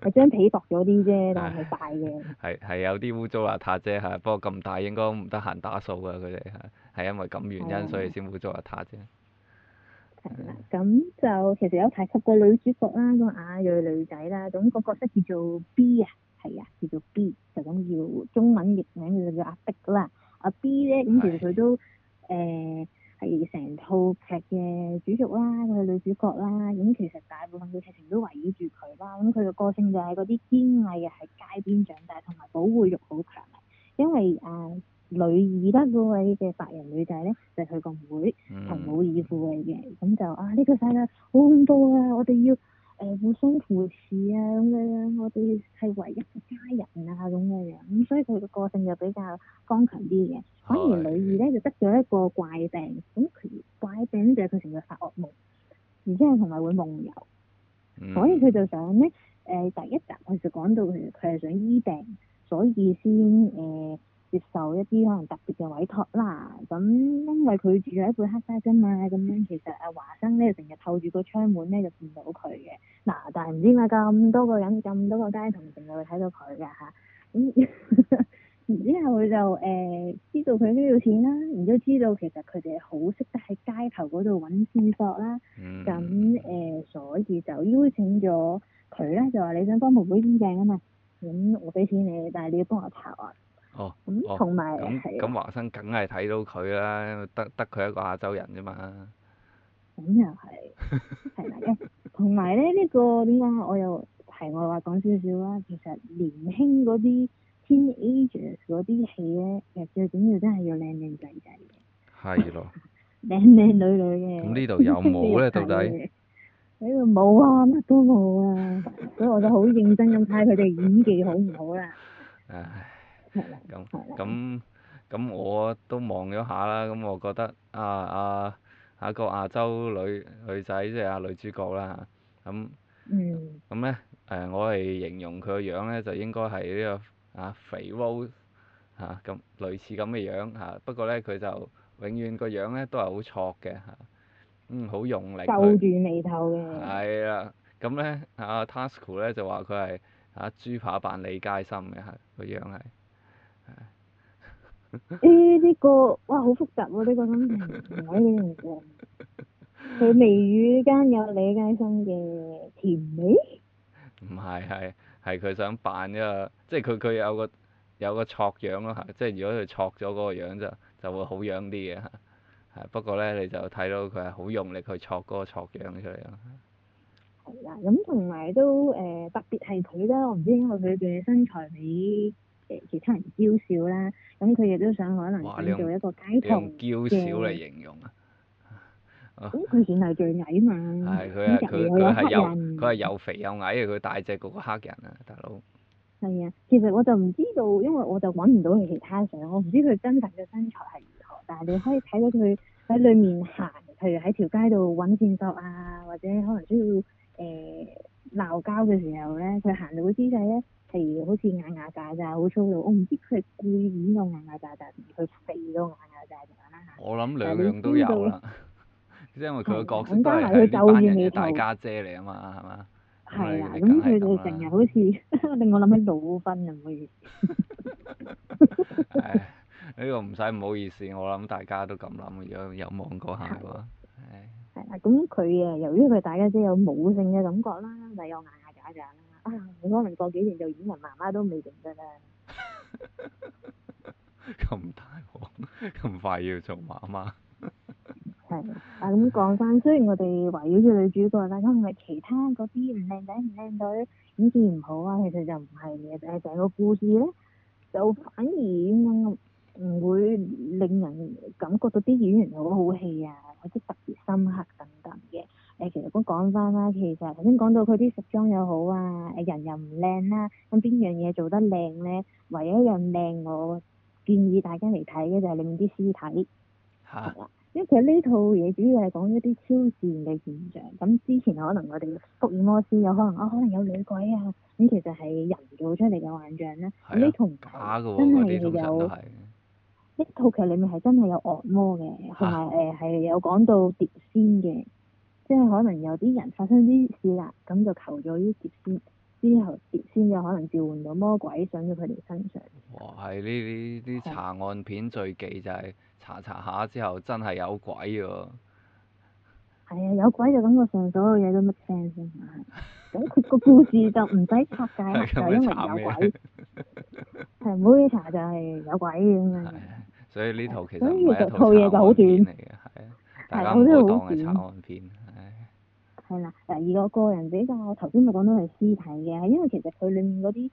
係張被薄咗啲啫，但係大嘅。係係有啲污糟邋遢啫嚇，不過咁大應該唔得閒打掃㗎，佢哋係係因為咁原因所以先污糟邋遢啫。係啦，咁 就其實有提及個女主角啦，個亞裔女仔啦，咁個角色叫做 B 啊，係啊，叫做 B，就咁叫中文譯名就叫阿碧啦。阿、啊、B 咧，咁、嗯、其實佢都誒係成套劇嘅主角啦，個女主角啦，咁、嗯、其實大部分嘅劇情都圍繞住佢啦。咁佢嘅個性就係嗰啲堅毅嘅，喺街邊長大，同埋保護欲好強。因為阿、呃女二咧嗰位嘅白人女仔咧，就佢、是、個妹，妹，同母異父嚟嘅，咁就啊呢、這個世界好恐怖啊！我哋要誒互相扶持啊咁樣樣，我哋係唯一嘅家人啊咁樣樣，咁所以佢個個性就比較剛強啲嘅。反而女二咧就得咗一個怪病，咁佢怪病就係佢成日發噩夢，然之後同埋會夢遊，嗯、所以佢就想咧誒、呃、第一集佢就講到佢佢係想醫病，所以先誒。呃接受一啲可能特別嘅委託啦，咁、嗯、因為佢住喺貝克街啫嘛，咁、嗯、樣其實阿華生咧，成日透住個窗門咧就見到佢嘅，嗱、啊，但係唔知點解咁多個人咁多個街頭成日會睇到佢嘅吓，咁、啊嗯、 然之後佢就誒、呃、知道佢需要錢啦，然之後知道其實佢哋好識得喺街頭嗰度揾線索啦，咁誒、嗯呃、所以就邀請咗佢咧，就話你想幫妹妹先生啊，咁、嗯、我俾錢你，但係你要幫我查啊。哦，咁同埋，咁咁華生梗係睇到佢啦，得得佢一個亞洲人啫嘛、嗯。咁又係，係咪同埋咧，呢個點講？我又題外話講少少啦。其實年輕嗰啲 teenagers 嗰啲戲咧，其實最緊要真係要靚靚仔仔嘅。係咯、really well。靚靚女女嘅。咁呢度有冇咧？到底？呢度冇啊，乜都冇啊，所以我就好認真咁睇佢哋演技好唔好啦。唉。咁咁咁我都望咗下啦，咁我覺得啊啊啊個亞洲女女仔即係、就是、啊女主角啦，咁咁咧誒，我係形容佢個樣咧，就應該係呢、這個啊肥環嚇咁類似咁嘅樣嚇、啊，不過咧佢就永遠個樣咧都係好挫嘅嚇，嗯，好用力。皺住眉頭嘅。係啦，咁咧阿、啊、Tasuku 咧就話佢係啊豬扒扮李佳芯嘅嚇個樣係。啊啊啊啊啊呢呢、欸這個哇好複雜喎、啊，呢、這個心情位嘅嘢，佢 眉宇間有李佳芯嘅甜美，唔係係係佢想扮一個，即係佢佢有個有個挫樣咯，即係如果佢挫咗嗰個樣就就會好樣啲嘅嚇，不過咧你就睇到佢係好用力去挫嗰個挫樣出嚟咯。係啊，咁同埋都誒、呃、特別係佢啦，我唔知因為佢嘅身材比，其他人嬌小啦，咁佢亦都想可能變做一個街童嘅。用嬌小嚟形容啊。咁、哦、佢、哦、算係最矮嘛？係佢係佢佢又佢係又，又肥又矮，佢大隻過個黑人啊，大佬。係啊，其實我就唔知道，因為我就揾唔到佢其他相，我唔知佢真實嘅身材係如何。但係你可以睇到佢喺裡面行，譬 如喺條街度揾線索啊，或者可能需要誒鬧交嘅時候咧，佢行到嘅姿勢咧。係，好似牙擦擦，好粗魯。我唔知佢係故意用個牙擦擦，而佢肥個牙擦擦啦。我諗兩樣都有啦。即係因為佢個角色係。咁加埋佢就係個大家姐嚟啊嘛，係嘛？係啊，咁佢就成日好似令我諗起魯芬啊，唔好意思。唉，呢個唔使唔好意思，我諗大家都咁諗嘅樣，如果有望過下喎。係。係咁，佢啊，由於佢大家姐有母性嘅感覺啦，咪有牙擦擦。你、啊、可能過幾年就演完媽媽都未定得啦。咁大鑊，咁快要做媽媽？係， 啊咁講翻，雖然我哋圍繞住女主角，但係因為其他嗰啲唔靚仔唔靚女演技唔好啊，其實就唔係嘅，但係成個故事咧就反而咁樣唔會令人感覺到啲演員好好戲啊，或者特別深刻等等嘅。誒，其實都講翻啦，其實頭先講到佢啲服裝又好啊，誒人又唔靚啦，咁邊樣嘢做得靚咧？唯一一樣靚，我建議大家嚟睇嘅就係裡面啲屍體。嚇哈！因為佢呢套嘢主要係講一啲超自然嘅現象，咁之前可能我哋福爾摩斯有可能哦、啊，可能有女鬼啊，咁其實係人做出嚟嘅幻象咧。啊、真有假㗎喎、啊，呢套劇係。呢套劇裡面係真係有惡魔嘅，同埋誒係有講、呃、到碟仙嘅。即係可能有啲人發生啲事啦，咁就求咗啲碟仙之後，碟仙就可能召喚到魔鬼上咗佢哋身上。哇！係呢啲啲查案片最忌就係查查下之後真係有鬼喎。係啊，有鬼就感覺上所有嘢都乜聽先，咁佢個故事就唔使拆解， 就因為有鬼。係，唔好查就係有鬼咁 啊！所以呢套其實唔係 一套查案片嚟嘅。係啊，大家都會講係查案片。係啦，第二個個人比較，頭先咪講到係屍體嘅，係因為其實佢裏面嗰啲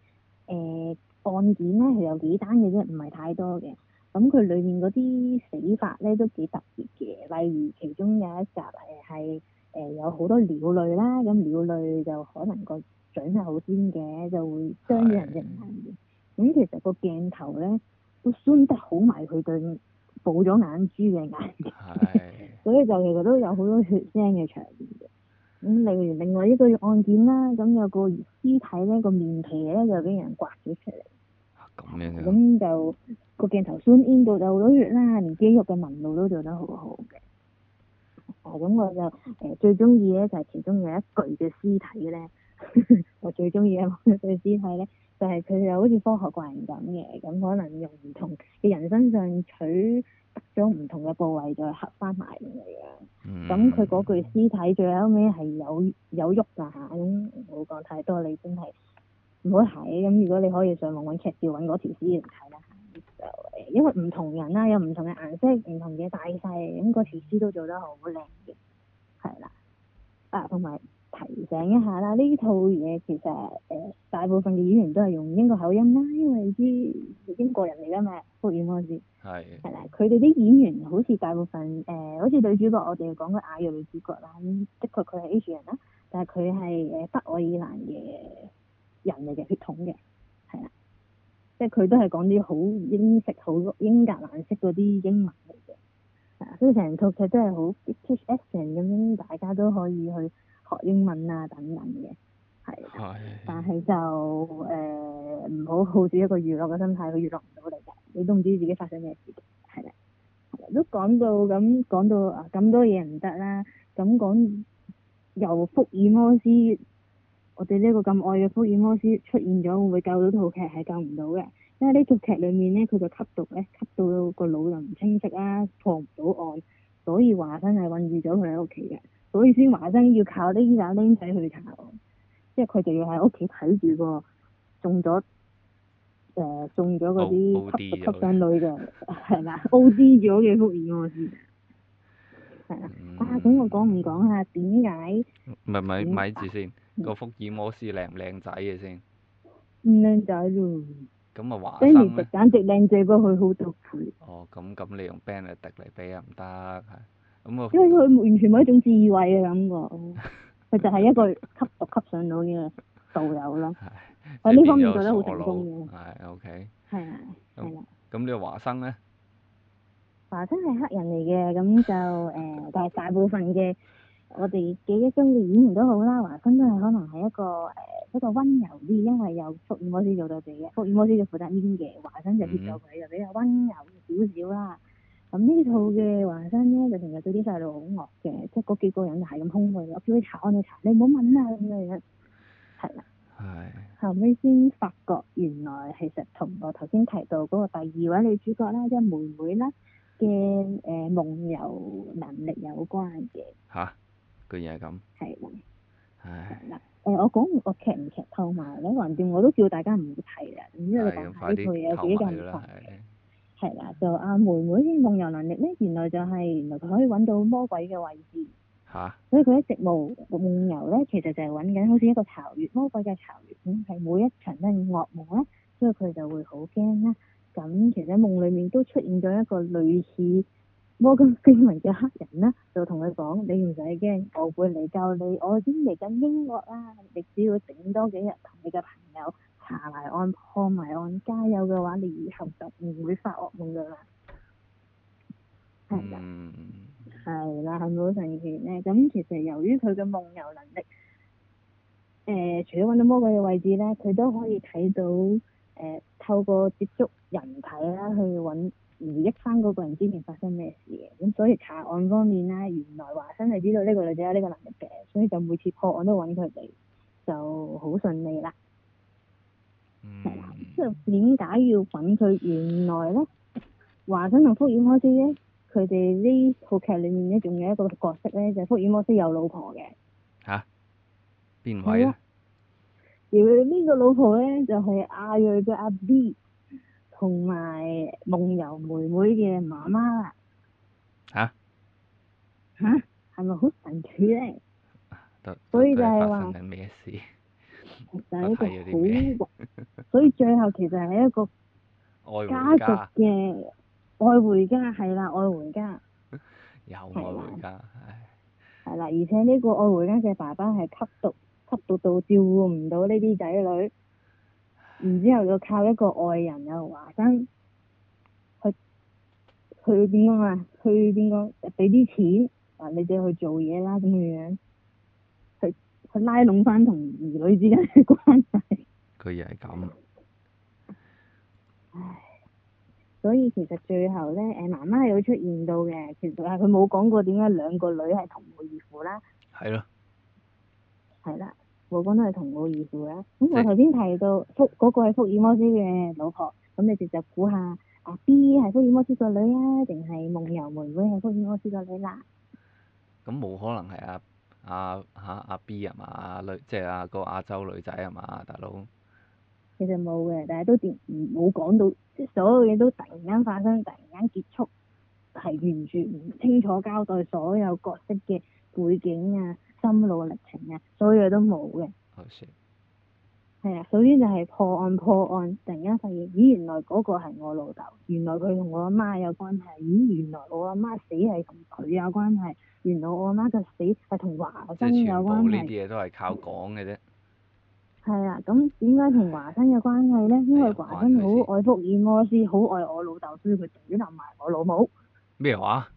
誒案件咧係有幾單嘅，啫，唔係太多嘅。咁佢裏面嗰啲死法咧都幾特別嘅，例如其中有一集誒係誒有好多鳥類啦，咁、嗯、鳥類就可能個嘴係好尖嘅，就會傷咗人隻眼，咁的、嗯、其實個鏡頭咧都酸得好埋佢對冇咗眼珠嘅眼，的 所以就其實都有好多血腥嘅場面。咁例如另外一個案件啦，咁有個屍體咧，個面皮咧就俾人刮咗出嚟。咁、啊、樣、啊。咁就個鏡頭 zoom in 到就好多血啦，連肌肉嘅紋路都做得好好嘅。啊、哦，咁我就誒、呃、最中意咧，就係其中有一具嘅屍體咧， 我最中意啊，一具屍體咧。就係佢又好似科學怪人咁嘅，咁可能用唔同嘅人身上取得咗唔同嘅部位再合翻埋咁嘅樣，咁佢嗰具屍體最後尾係有有喐啦嚇，咁冇講太多，你真係唔好睇，咁、嗯、如果你可以上網揾劇照揾嗰條屍嚟睇啦，因為唔同人啦、啊，有唔同嘅顏色，唔同嘅大細，咁、嗯、嗰條屍都做得好靚嘅，係啦，啊，同埋。提醒一下啦，呢套嘢其實誒、呃、大部分嘅演員都係用英國口音啦，因為啲英國人嚟㗎嘛，福爾摩斯係啦。佢哋啲演員好似大部分誒、呃，好似女主角我哋講嘅亞裔女主角啦，咁的確佢係 Asian 人啦，但係佢係誒北愛爾蘭嘅人嚟嘅血統嘅，係啦，即係佢都係講啲好英式、好英格蘭式嗰啲英文嚟嘅、啊，所以成套劇都係好 British accent 咁樣，大家都可以去，學英文啊，等等嘅，係，係，但係就誒唔、呃、好好似一個娛樂嘅心態，去娛樂唔到你嘅，你都唔知自己發生咩事嘅，係、啊、啦，都講到咁講到啊咁多嘢唔得啦，咁講由福爾摩斯，我哋呢個咁愛嘅福爾摩斯出現咗，會唔會救到套劇係救唔到嘅？因為呢套劇裏面咧，佢就吸毒咧，吸到個腦又唔清晰啦、啊，破唔到案，所以話真係困住咗佢喺屋企嘅。所以先話真要靠啲依家僆仔去靠，即係佢哋要喺屋企睇住個中咗，誒中咗嗰啲吸吸上女就係啦，OD 咗嘅福爾摩斯，係啊，啊咁我講唔講下？點解？唔係唔係，咪住先，個福爾摩斯靚唔靚仔嘅先？唔靚仔咯。咁啊華生，Ben 尼迪簡直靚仔過佢好多倍。哦，咁咁你用 Ben 尼迪嚟比又唔得係？ 因為佢完全冇一種智慧嘅感覺，佢 就係一個吸毒吸上腦嘅道友啦。喺呢 方面做得好成功。嘅。係 ，OK。係啊。咁咁呢個華生咧？華生係黑人嚟嘅，咁就誒、呃，但係大部分嘅我哋記憶中嘅演員都好啦，華生都係可能係一個誒、呃，一個温柔啲，因為有福爾摩斯做到自己嘅，福爾摩斯就負責癲嘅，華生就協咗佢，就比較温柔少少啦。嗯咁、嗯、呢套嘅華生咧，就成日對啲細路好惡嘅，即係嗰幾個人就係咁空害，我叫佢查我，你查，你唔好問啦咁樣。係啦。係的。後尾先發覺，原來其實同我頭先提到嗰個第二位女主角啦，即係妹妹啦嘅，誒夢遊能力有關嘅。嚇！居然係咁。係啦。係。嗱，誒我講個劇唔劇透埋咧，橫掂我都叫大家唔好睇啦，唔知你講下呢套嘢有幾咁神嘅？的的係啦，就阿、啊、妹妹咧，夢遊能力咧，原來就係原來佢可以搵到魔鬼嘅位置。吓、啊？所以佢一直夢夢遊咧，其實就係搵緊好似一個巢穴，魔鬼嘅巢穴咁，係每一層都係噩夢咧，所以佢就會好驚啦。咁其實夢裏面都出現咗一個類似摩根費曼嘅黑人啦，就同佢講，你唔使驚，我會嚟救你，我已經嚟緊英國啦、啊，你只要頂多幾日同你嘅朋友。查埋案破埋案，加油嘅話，你以後就唔會發噩夢噶啦。係啦、嗯，係啦，係咪好神奇咧？咁其實由於佢嘅夢遊能力，誒、呃，除咗揾到魔鬼嘅位置咧，佢都可以睇到，誒、呃，透過接觸人體啦，去揾回憶翻嗰個人之前發生咩事嘅。咁所以查案方面咧，原來華生係知道呢個女仔有呢個能力嘅，所以就每次破案都揾佢哋，就好順利啦。係啦，即係點解要搵佢？原來咧，華生同福爾摩斯咧，佢哋呢套劇裏面咧，仲有一個角色咧，就係福爾摩斯有老婆嘅。吓？邊位啊？而佢呢個老婆咧，就係阿瑞嘅阿 B 同埋夢遊妹妹嘅媽媽啦。吓、啊？吓、啊？係咪好神奇咧？ 所以就係話。就係呢個好， 家所以最後其實係一個家族嘅愛回家係啦，愛回家 有愛回家，係係啦， 啦，而且呢個愛回家嘅爸爸係吸毒，吸毒到照顧唔到呢啲仔女，然之後就靠一個外人又華生去去點講啊？去，去，去點講？俾啲錢啊！你哋去做嘢啦咁嘅樣。拉攏翻同兒女之間嘅關係，佢又係咁，唉，所以其實最後咧，誒，媽媽係有出現到嘅，其實係佢冇講過點解兩個女係同母異父啦，係咯的，係啦，冇講都係同母異父啦。咁、嗯、我頭先提到、欸、福嗰個係福爾摩斯嘅老婆，咁你直接估下阿 B 係福爾摩斯個女啊，定係夢遊妹妹係福爾摩斯個女啦、啊？咁冇可能係阿、啊。阿嚇、啊啊啊、阿 B 啊嘛？女即係阿、啊、個亞洲女仔啊嘛？大佬其實冇嘅，但係都電冇講到，即係所有嘢都突然間發生，突然間結束，係完全唔清楚交代所有角色嘅背景啊、心路歷程啊，所有嘢都冇嘅。好少。係啊，首先就係破案破案，突然間發現，咦，原來嗰個係我老豆，原來佢同我阿媽有關係，咦，原來我阿媽死係同佢有關係，原來我阿媽嘅死係同華生有關係。即係全部呢啲嘢都係靠講嘅啫。係啊，咁點解同華生有關係咧？哎、呦因為華生好愛福爾摩斯，好、哎、呦愛我老豆，所以佢懟冧埋我老母。咩話？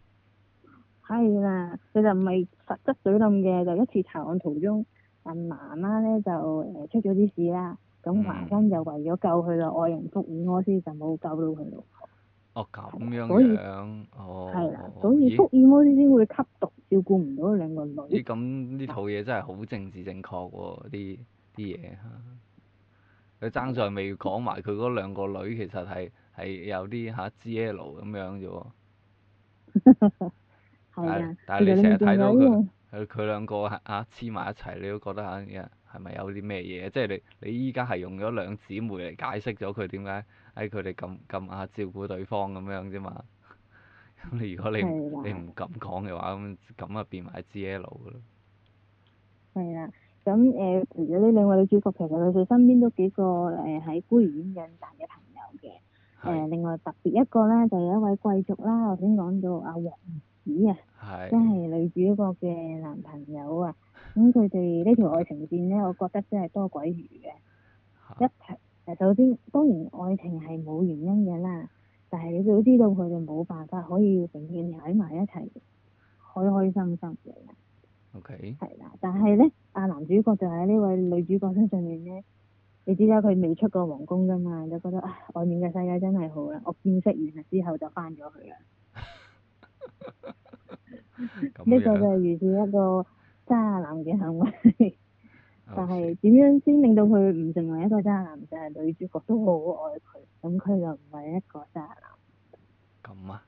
係啦、啊，佢就唔係實質懟冧嘅，就一次查案途中。但媽媽咧就誒出咗啲事啦，咁華生就為咗救佢個愛人福爾摩斯，就冇救到佢老婆。哦，咁樣樣，以哦。係啦，所以福爾摩斯先會吸毒，照顧唔到兩個女咦。咦，咁呢套嘢真係好政治正確喎，啲啲嘢。佢爭在未講埋佢嗰兩個女，其實係係有啲嚇 G，L 咁樣啫喎。係啊，但 的你成日睇到佢。 佢佢兩個黐埋、啊、一齊，你都覺得嚇嘅，係、啊、咪有啲咩嘢？即係你你依家係用咗兩姊妹嚟解釋咗佢點解喺佢哋咁咁啊照顧對方咁樣啫嘛。咁 你如果你唔的你唔敢講嘅話，咁咁啊變埋 G.L. 噶啦。係啊，咁誒，有呢兩位女主角其實佢哋身邊都幾個誒喺孤兒院長大嘅朋友嘅。誒、呃，的另外特別一個咧，就有一位貴族啦。頭先講到阿王。子啊，咦是真係女主角嘅男朋友啊，咁佢哋呢條愛情線呢，我覺得真係多鬼餘嘅。哈一齊，首先當然愛情係冇原因嘅啦，但係你都知道佢哋冇辦法可以成日喺埋一齊，開開心心嘅。O K。係啦，但係呢，啊男主角就喺呢位女主角身上面呢，你知啦，佢未出過皇宮㗎嘛，就覺得啊外面嘅世界真係好啦，我見識完啦之後就翻咗去啦。呢個就係類似一個渣男嘅行為，但係點樣先令到佢唔成為一個渣男，就係女主角都好愛佢，咁佢就唔係一個渣男。咁啊？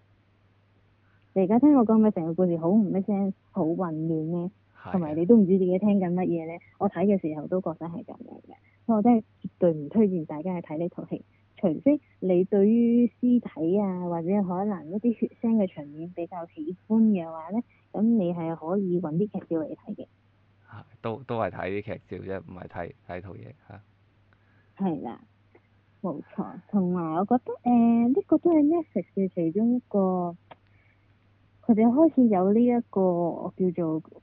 你而家聽我講嘅成個故事好唔一聲，好混亂呢？同埋你都唔知自己聽緊乜嘢呢？我睇嘅時候都覺得係咁樣嘅，所以我真係絕對唔推薦大家去睇呢套戲。除非你對於屍體啊，或者係可能一啲血腥嘅場面比較喜歡嘅話咧，咁你係可以揾啲劇照嚟睇嘅。係，都都係睇啲劇照啫，唔係睇睇套嘢嚇。係啦，冇錯。同埋我覺得，誒呢個都係 Netflix 嘅其中一個，佢哋開始有呢一個叫做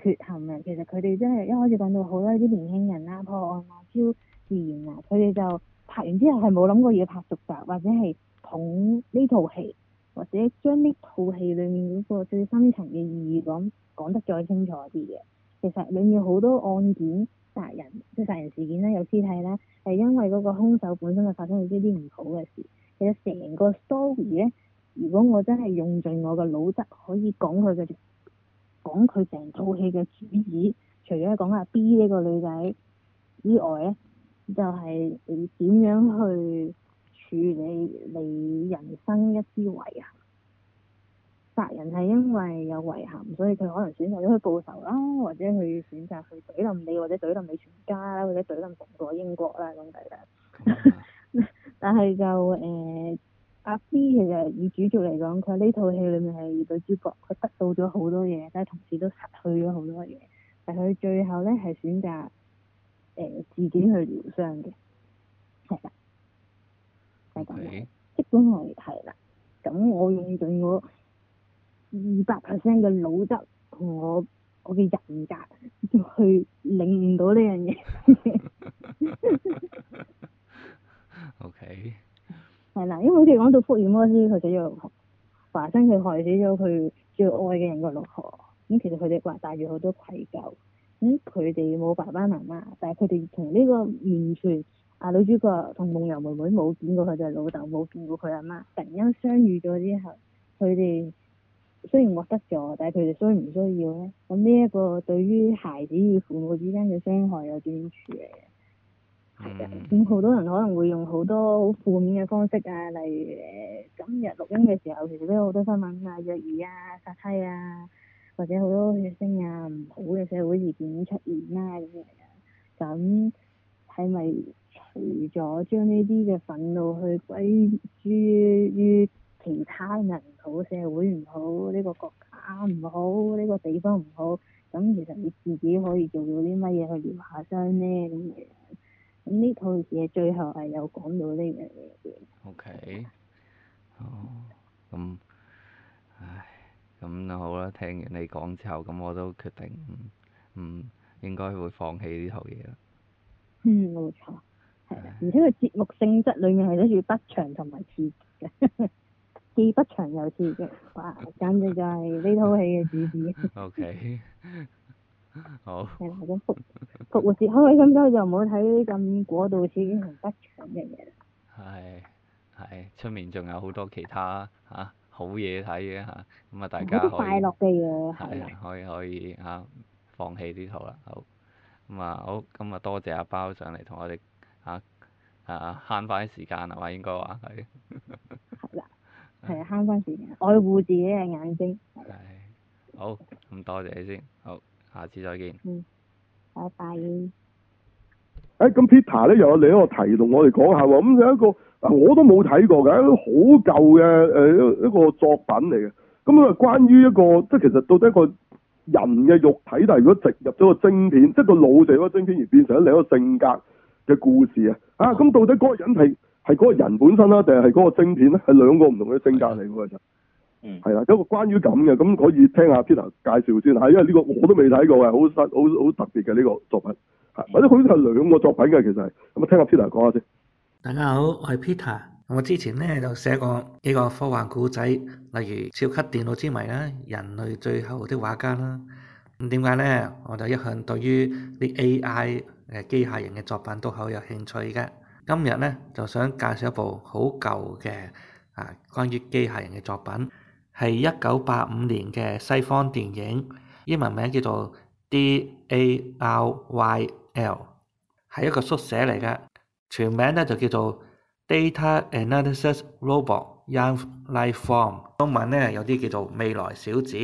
缺陷啊。其實佢哋真係一開始講到好多啲年輕人啦、破案啊、超自然啊，佢哋就～拍完之後係冇諗過要拍續集，或者係捧呢套戲，或者將呢套戲裡面嗰個最深層嘅意義講講得再清楚啲嘅。其實裡面好多案件殺人，即係殺人事件咧，有屍體咧，係因為嗰個兇手本身就發生咗呢啲唔好嘅事。其實成個 story 咧，如果我真係用盡我嘅腦汁，可以講佢嘅，講佢成套戲嘅主意。除咗係講下 B 呢個女仔之外咧。就係你點樣去處理你人生一啲遺憾？殺人係因為有遺憾，所以佢可能選擇咗去報仇啦，或者去選擇去懟冧你，或者懟冧你全家啦，或者懟冧整個英國啦咁計啦。就是、 但係就誒、呃，阿 B 其實以主軸嚟講，佢喺呢套戲裡面係女主角，佢得到咗好多嘢，但係同時都失去咗好多嘢。但係佢最後咧係選擇。誒、呃，自己去療傷嘅，係啦，係咁啦，基本上係啦，咁我用盡我二百 percent 嘅腦汁同我我嘅人格去領悟到呢樣嘢。OK。係啦，因為好似講到福爾摩斯佢死咗老婆，華生佢害死咗佢最愛嘅人個老婆，咁其實佢哋話帶住好多愧疚。咁佢哋冇爸爸媽媽，但係佢哋同呢個完全啊，女主角同夢遊妹妹冇見過佢哋老豆，冇，就係，見過佢阿媽，媽，突然間相遇咗之後，佢哋雖然獲得咗，但係佢哋需唔需要咧？咁呢一個對於孩子與父母之間嘅傷害又點處理？係嘅，嗯。咁好，嗯、多人可能會用好多好負面嘅方式啊，例如誒，呃，今日錄音嘅時候其實都有好多新聞啊，虐兒啊，殺妻啊。或者好多血腥啊，唔好嘅社會事件出現啦、啊、咁樣樣，咁係咪除咗將呢啲嘅憤怒去歸諸於其他人好，社會唔好，呢個國家唔好，呢個地方唔好，咁其實你自己可以做到啲乜嘢去療下傷呢？咁樣？咁呢套嘢最後係有講到呢樣嘢嘅。OK，好，咁、嗯。咁就好啦，聽完你講之後，咁我都決定，嗯，唔應該會放棄呢套嘢啦。嗯，冇錯，係啊，而且個節目性質裡面係睇住不長同埋刺激嘅，既不長又刺激。哇！簡直就係呢套戲嘅主旨。OK。好。係啦，咁、復、復活節開咁多 就唔好睇呢啲咁過度、刺激同不長嘅嘢。係，係出面仲有好多其他嚇。啊好嘢睇嘅嚇，咁、嗯、啊大家可、嗯、快樂嘅嘢係可以可以嚇、啊、放棄呢套啦，好咁、嗯、啊好，咁啊多謝阿包上嚟同我哋嚇嚇慳翻啲時間啊嘛，應該話係。係啦，係啊慳翻時間，愛護自己嘅眼睛。係。好，咁、嗯、多謝你先，好，下次再見。嗯。好拜拜。誒咁、 hey, Peter 咧，又有另一個題同我哋講下喎，咁有一個。啊、我都冇睇過嘅，好舊嘅誒、呃、一個作品嚟嘅。咁佢係關於一個即係其實到底一個人嘅肉體，但係如果植入咗個晶片，嗯、即係個腦就係個晶片而變成咗另一個性格嘅故事啊！啊，咁、嗯、到底嗰個人係係嗰個人本身啦，定係係嗰個晶片咧？係兩個唔同嘅性格嚟嘅其實嗯，係啦的。一個的關於咁嘅，咁可以聽下 Peter 介紹先嚇。因為呢個我都未睇過嘅，好好好特別嘅呢個作品。或者好似係兩個作品嘅其實係咁啊，聽下 Peter 講下先。大家好，我係 Peter。我之前呢就寫過幾個科幻故仔，例如《超級電腦之謎》啦，《人類最後的畫家》啦。咁點解呢？我就一向對於啲 A.I. 誒機械人嘅作品都好有興趣嘅。今日呢就想介紹一部好舊嘅啊，關於機械人嘅作品，係一九八五年嘅西方電影，英文名叫做《D.A.R.Y.L.》，係一個縮寫嚟嘅。全名咧就叫做 Data Analysis Robot Young Life Form，中文咧有啲叫做未來小子。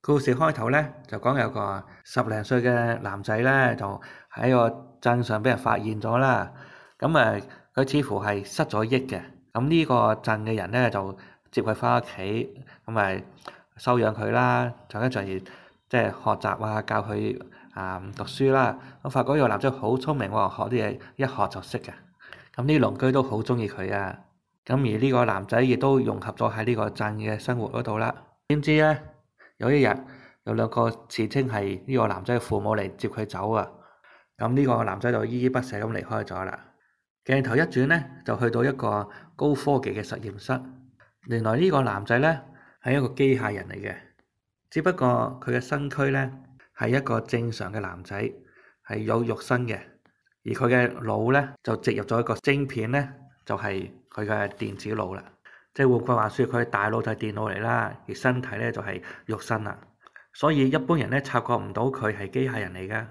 故事開頭咧就講有個十零歲嘅男仔咧，就喺個鎮上俾人發現咗啦。咁啊，佢似乎係失咗憶嘅。咁呢個鎮嘅人咧就接佢翻屋企，咁咪收養佢啦，再一再即係學習啊，教佢啊讀書啦。我發覺呢個男仔好聰明喎，學啲嘢一學就識嘅。咁呢鄰居都好鍾意佢啊！咁而呢個男仔亦都融合咗喺呢個鎮嘅生活嗰度啦。點知咧，有一日有兩個自稱係呢個男仔嘅父母嚟接佢走啊！咁、這、呢個男仔就依依不捨咁離開咗啦。鏡頭一轉咧，就去到一個高科技嘅實驗室。原來呢個男仔咧係一個機械人嚟嘅，只不過佢嘅身軀咧係一個正常嘅男仔，係有肉身嘅。而佢嘅腦咧就植入咗一個晶片咧，就係佢嘅電子腦啦。即係換句話說，佢嘅大腦就係電腦嚟啦，而身體咧就係、是、肉身啦。所以一般人咧察覺唔到佢係機械人嚟㗎。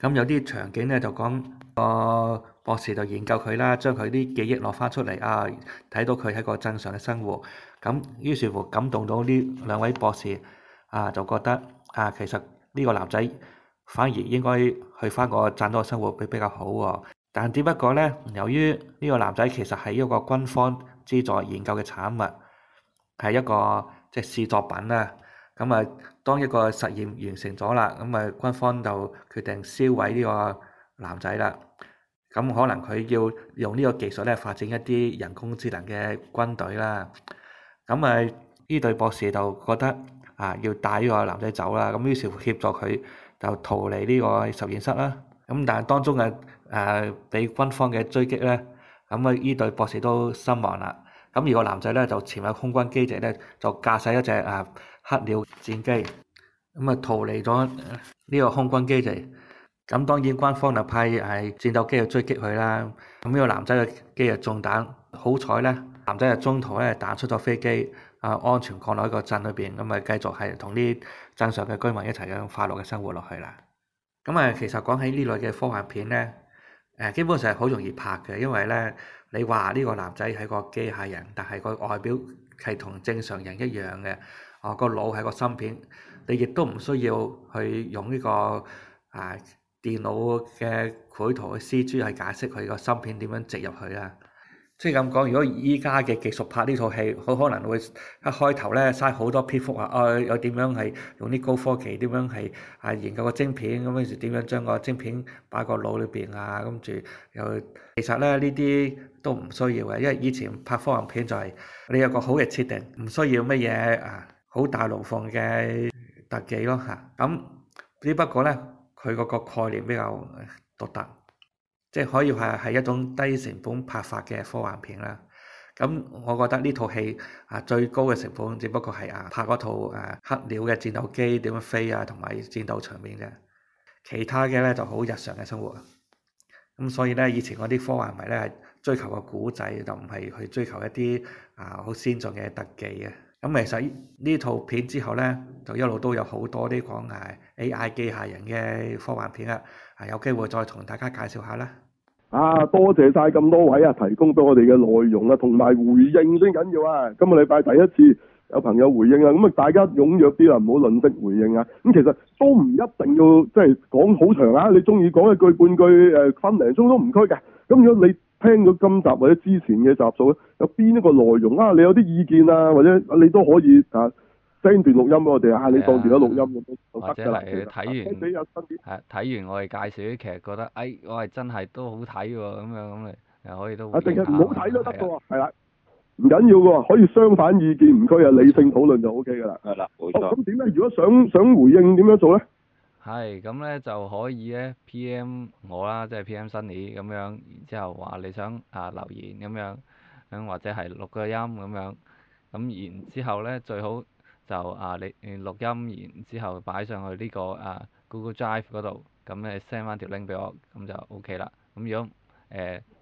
咁有啲場景咧就講個、呃、博士就研究佢啦，將佢啲記憶攞返出嚟啊，睇到佢喺個正常嘅生活。咁於是乎感動到呢兩位博士啊，就覺得啊，其實呢個男仔。反而應該去翻個賺多嘅生活比比較好喎，但只不過呢，由於呢個男仔其實係一個軍方資助研究嘅產物，係一個即試作品啦。咁啊，當一個實驗完成咗啦，咁啊軍方就決定銷毀呢個男仔啦。咁可能佢要用呢個技術咧發展一啲人工智能嘅軍隊啦。咁啊，呢對博士就覺得啊要帶呢個男仔走啦，咁於是協助佢。就逃離呢個實驗室啦，咁但係當中嘅誒俾軍方嘅追擊咧，咁啊呢隊博士都身亡啦。咁而個男仔咧就潛入空軍基地咧，就駕駛一隻啊黑鳥戰機，咁啊逃離咗呢個空軍基地。咁當然軍方就派係戰鬥機去追擊佢啦。咁呢個男仔嘅機啊中彈，好彩咧男仔啊中途咧彈出咗飛機，啊安全降落喺個鎮裏邊，咁咪繼續係同啲。鎮上嘅居民一齊咁快樂嘅生活落去啦。咁啊，其實講起呢類嘅科幻片咧，誒，基本上係好容易拍嘅，因為咧，你話呢個男仔係個機械人，但係個外表係同正常人一樣嘅，哦，個腦係個芯片，你亦都唔需要去用呢個啊電腦嘅繪圖嘅 CG 去解釋佢個芯片點樣植入佢啦。即係咁講，如果依家嘅技術拍呢套戲，好可能會一開頭咧嘥好多篇幅啊！啊，又、哎、點樣係用啲高科技？點樣係啊？研究個晶片咁跟住點樣將個晶片擺個腦裏面啊？跟住又其實咧呢啲都唔需要嘅，因為以前拍科幻片就係、是、你有個好嘅設定，唔需要乜嘢啊好大龍鳳嘅特技咯嚇。咁只不過呢，佢嗰個概念比較獨特。即係可以話係一種低成本拍法嘅科幻片啦，咁我覺得呢套戲啊，最高嘅成本只不過係啊，拍嗰套啊黑鳥嘅戰鬥機點樣飛啊，同埋戰鬥場面啫，其他嘅咧就好日常嘅生活，咁所以咧，以前嗰啲科幻迷咧係追求個古仔，就唔係去追求一啲啊好先進嘅特技嘅。咁咪使呢套片之後呢，就一路都有好多啲講係 A I 機械人嘅科幻片啦，係有機會再同大家介紹下啦。啊，多謝晒咁多位啊，提供俾我哋嘅內容啊，同埋回應先緊要啊！今個禮拜第一次有朋友回應啊，咁啊大家踴躍啲啊，唔好吝嗇回應啊！咁其實都唔一定要即係講好長啊，你中意講一句半句誒，啊、分零鐘都唔拘㗎。咁、啊、如果你聽到今集或者之前嘅集數咧，有邊一個內容啊？你有啲意見啊，或者你都可以啊 send 段錄音俾我哋啊，你放段啊錄音就，或者嚟，睇完，係睇、啊啊、完我哋介紹其實，覺得哎，我係真係都好睇喎、哦，咁樣咁你，又可以都一啊，唔好睇都得嘅，係啦、啊，唔緊、啊、要嘅，可以相反意見唔拘啊，理性討論就 O K 嘅啦，係啦、啊，咁點解？如果想想回應點樣做咧？係，咁咧就可以咧 P.M 我啦，即係 P.M Sunny 咁樣，然之後話你想啊留言咁樣，咁或者係錄個音咁樣，咁然之後咧最好就啊你錄音，然之後擺上去呢個啊 Google Drive 嗰度，咁你 send 翻條 link 俾我，咁就 O.K. 啦。咁如果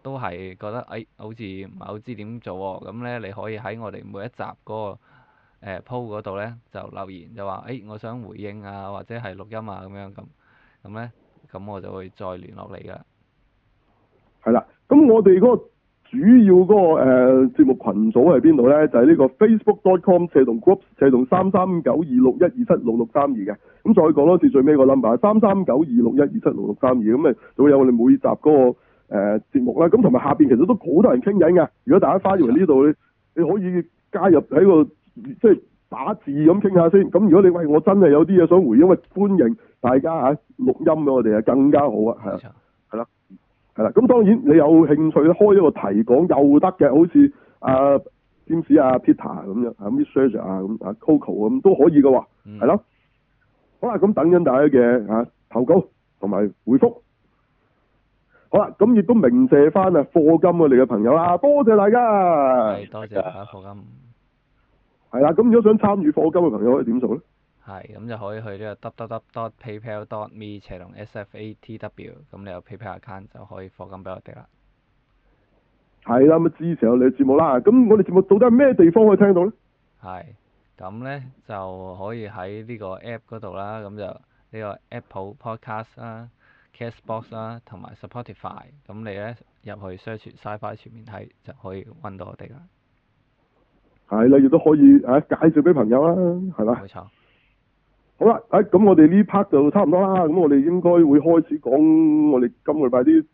都係覺得誒、哎、好似唔係好知點做喎、哦，咁咧你可以喺我哋每一集嗰個，誒 po 嗰度咧就留言就話誒我想回應啊或者係錄音啊咁樣咁咁咧咁我就會再聯絡你噶。係啦，咁我哋嗰個主要嗰個誒節目群組喺邊度咧？就係呢個 facebook dot com 謝棟 groups 謝棟三三九二六一二七六六三二嘅。咁再講多次最尾個 number 三三九二六一二七六六三二，咁咪就會有我哋每集嗰個誒節目啦。咁同埋下邊其實都好多人傾緊㗎。如果大家翻到嚟呢度咧，你可以加入喺個。即係打字咁傾下先，咁如果你喂我真係有啲嘢想回應，咁啊歡迎大家嚇、啊、錄音啊，俾我哋啊更加好啊，係啊，係咯，係啦，咁當然你有興趣開一個提講又得嘅，好似啊詹士啊 Peter 咁樣啊 Misha 啊咁啊 Coco 咁都可以嘅喎，係咯、嗯啊，好啦，咁等緊大家嘅嚇投稿同埋回覆，好啦，咁亦都鳴謝翻啊課金我哋嘅朋友啦、啊，多謝大家，多謝啊課金。係啦，咁如果想參與課金嘅朋友可以點做咧？係，咁就可以去呢個 www.paypal.me/ 斜龍 sfatw，咁你有 PayPal account 就可以課金俾我哋啦。係啦，咁支持我哋嘅節目啦。咁我哋節目到底喺咩地方可以聽到咧？係，咁咧就可以喺呢個 App 嗰度啦。咁就個 Podcast, box, ify，呢個 Apple Podcast 啦、Castbox 啦、同埋 Spotify。咁你咧入去 search Sci-Fi 全面睇就可以揾到我哋啦。係啦，亦都可以啊，介紹俾朋友啦，係嘛？冇錯錯。好啦，咁、啊、我哋呢 part 就差唔多啦，咁我哋應該會開始講我哋今個禮拜啲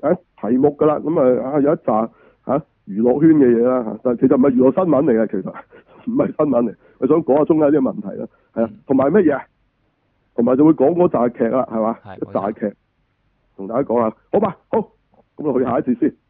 啊題目噶啦，咁啊啊有一集吓娛樂圈嘅嘢啦吓，但其實唔係娛樂新聞嚟嘅，其實唔係新聞嚟，我想講下中間啲問題啦，係啊、嗯，同埋乜嘢？同埋就會講嗰集劇啦，係嘛？的一集劇，同錯大家講下，好吧？好吧，咁我哋去下一次先。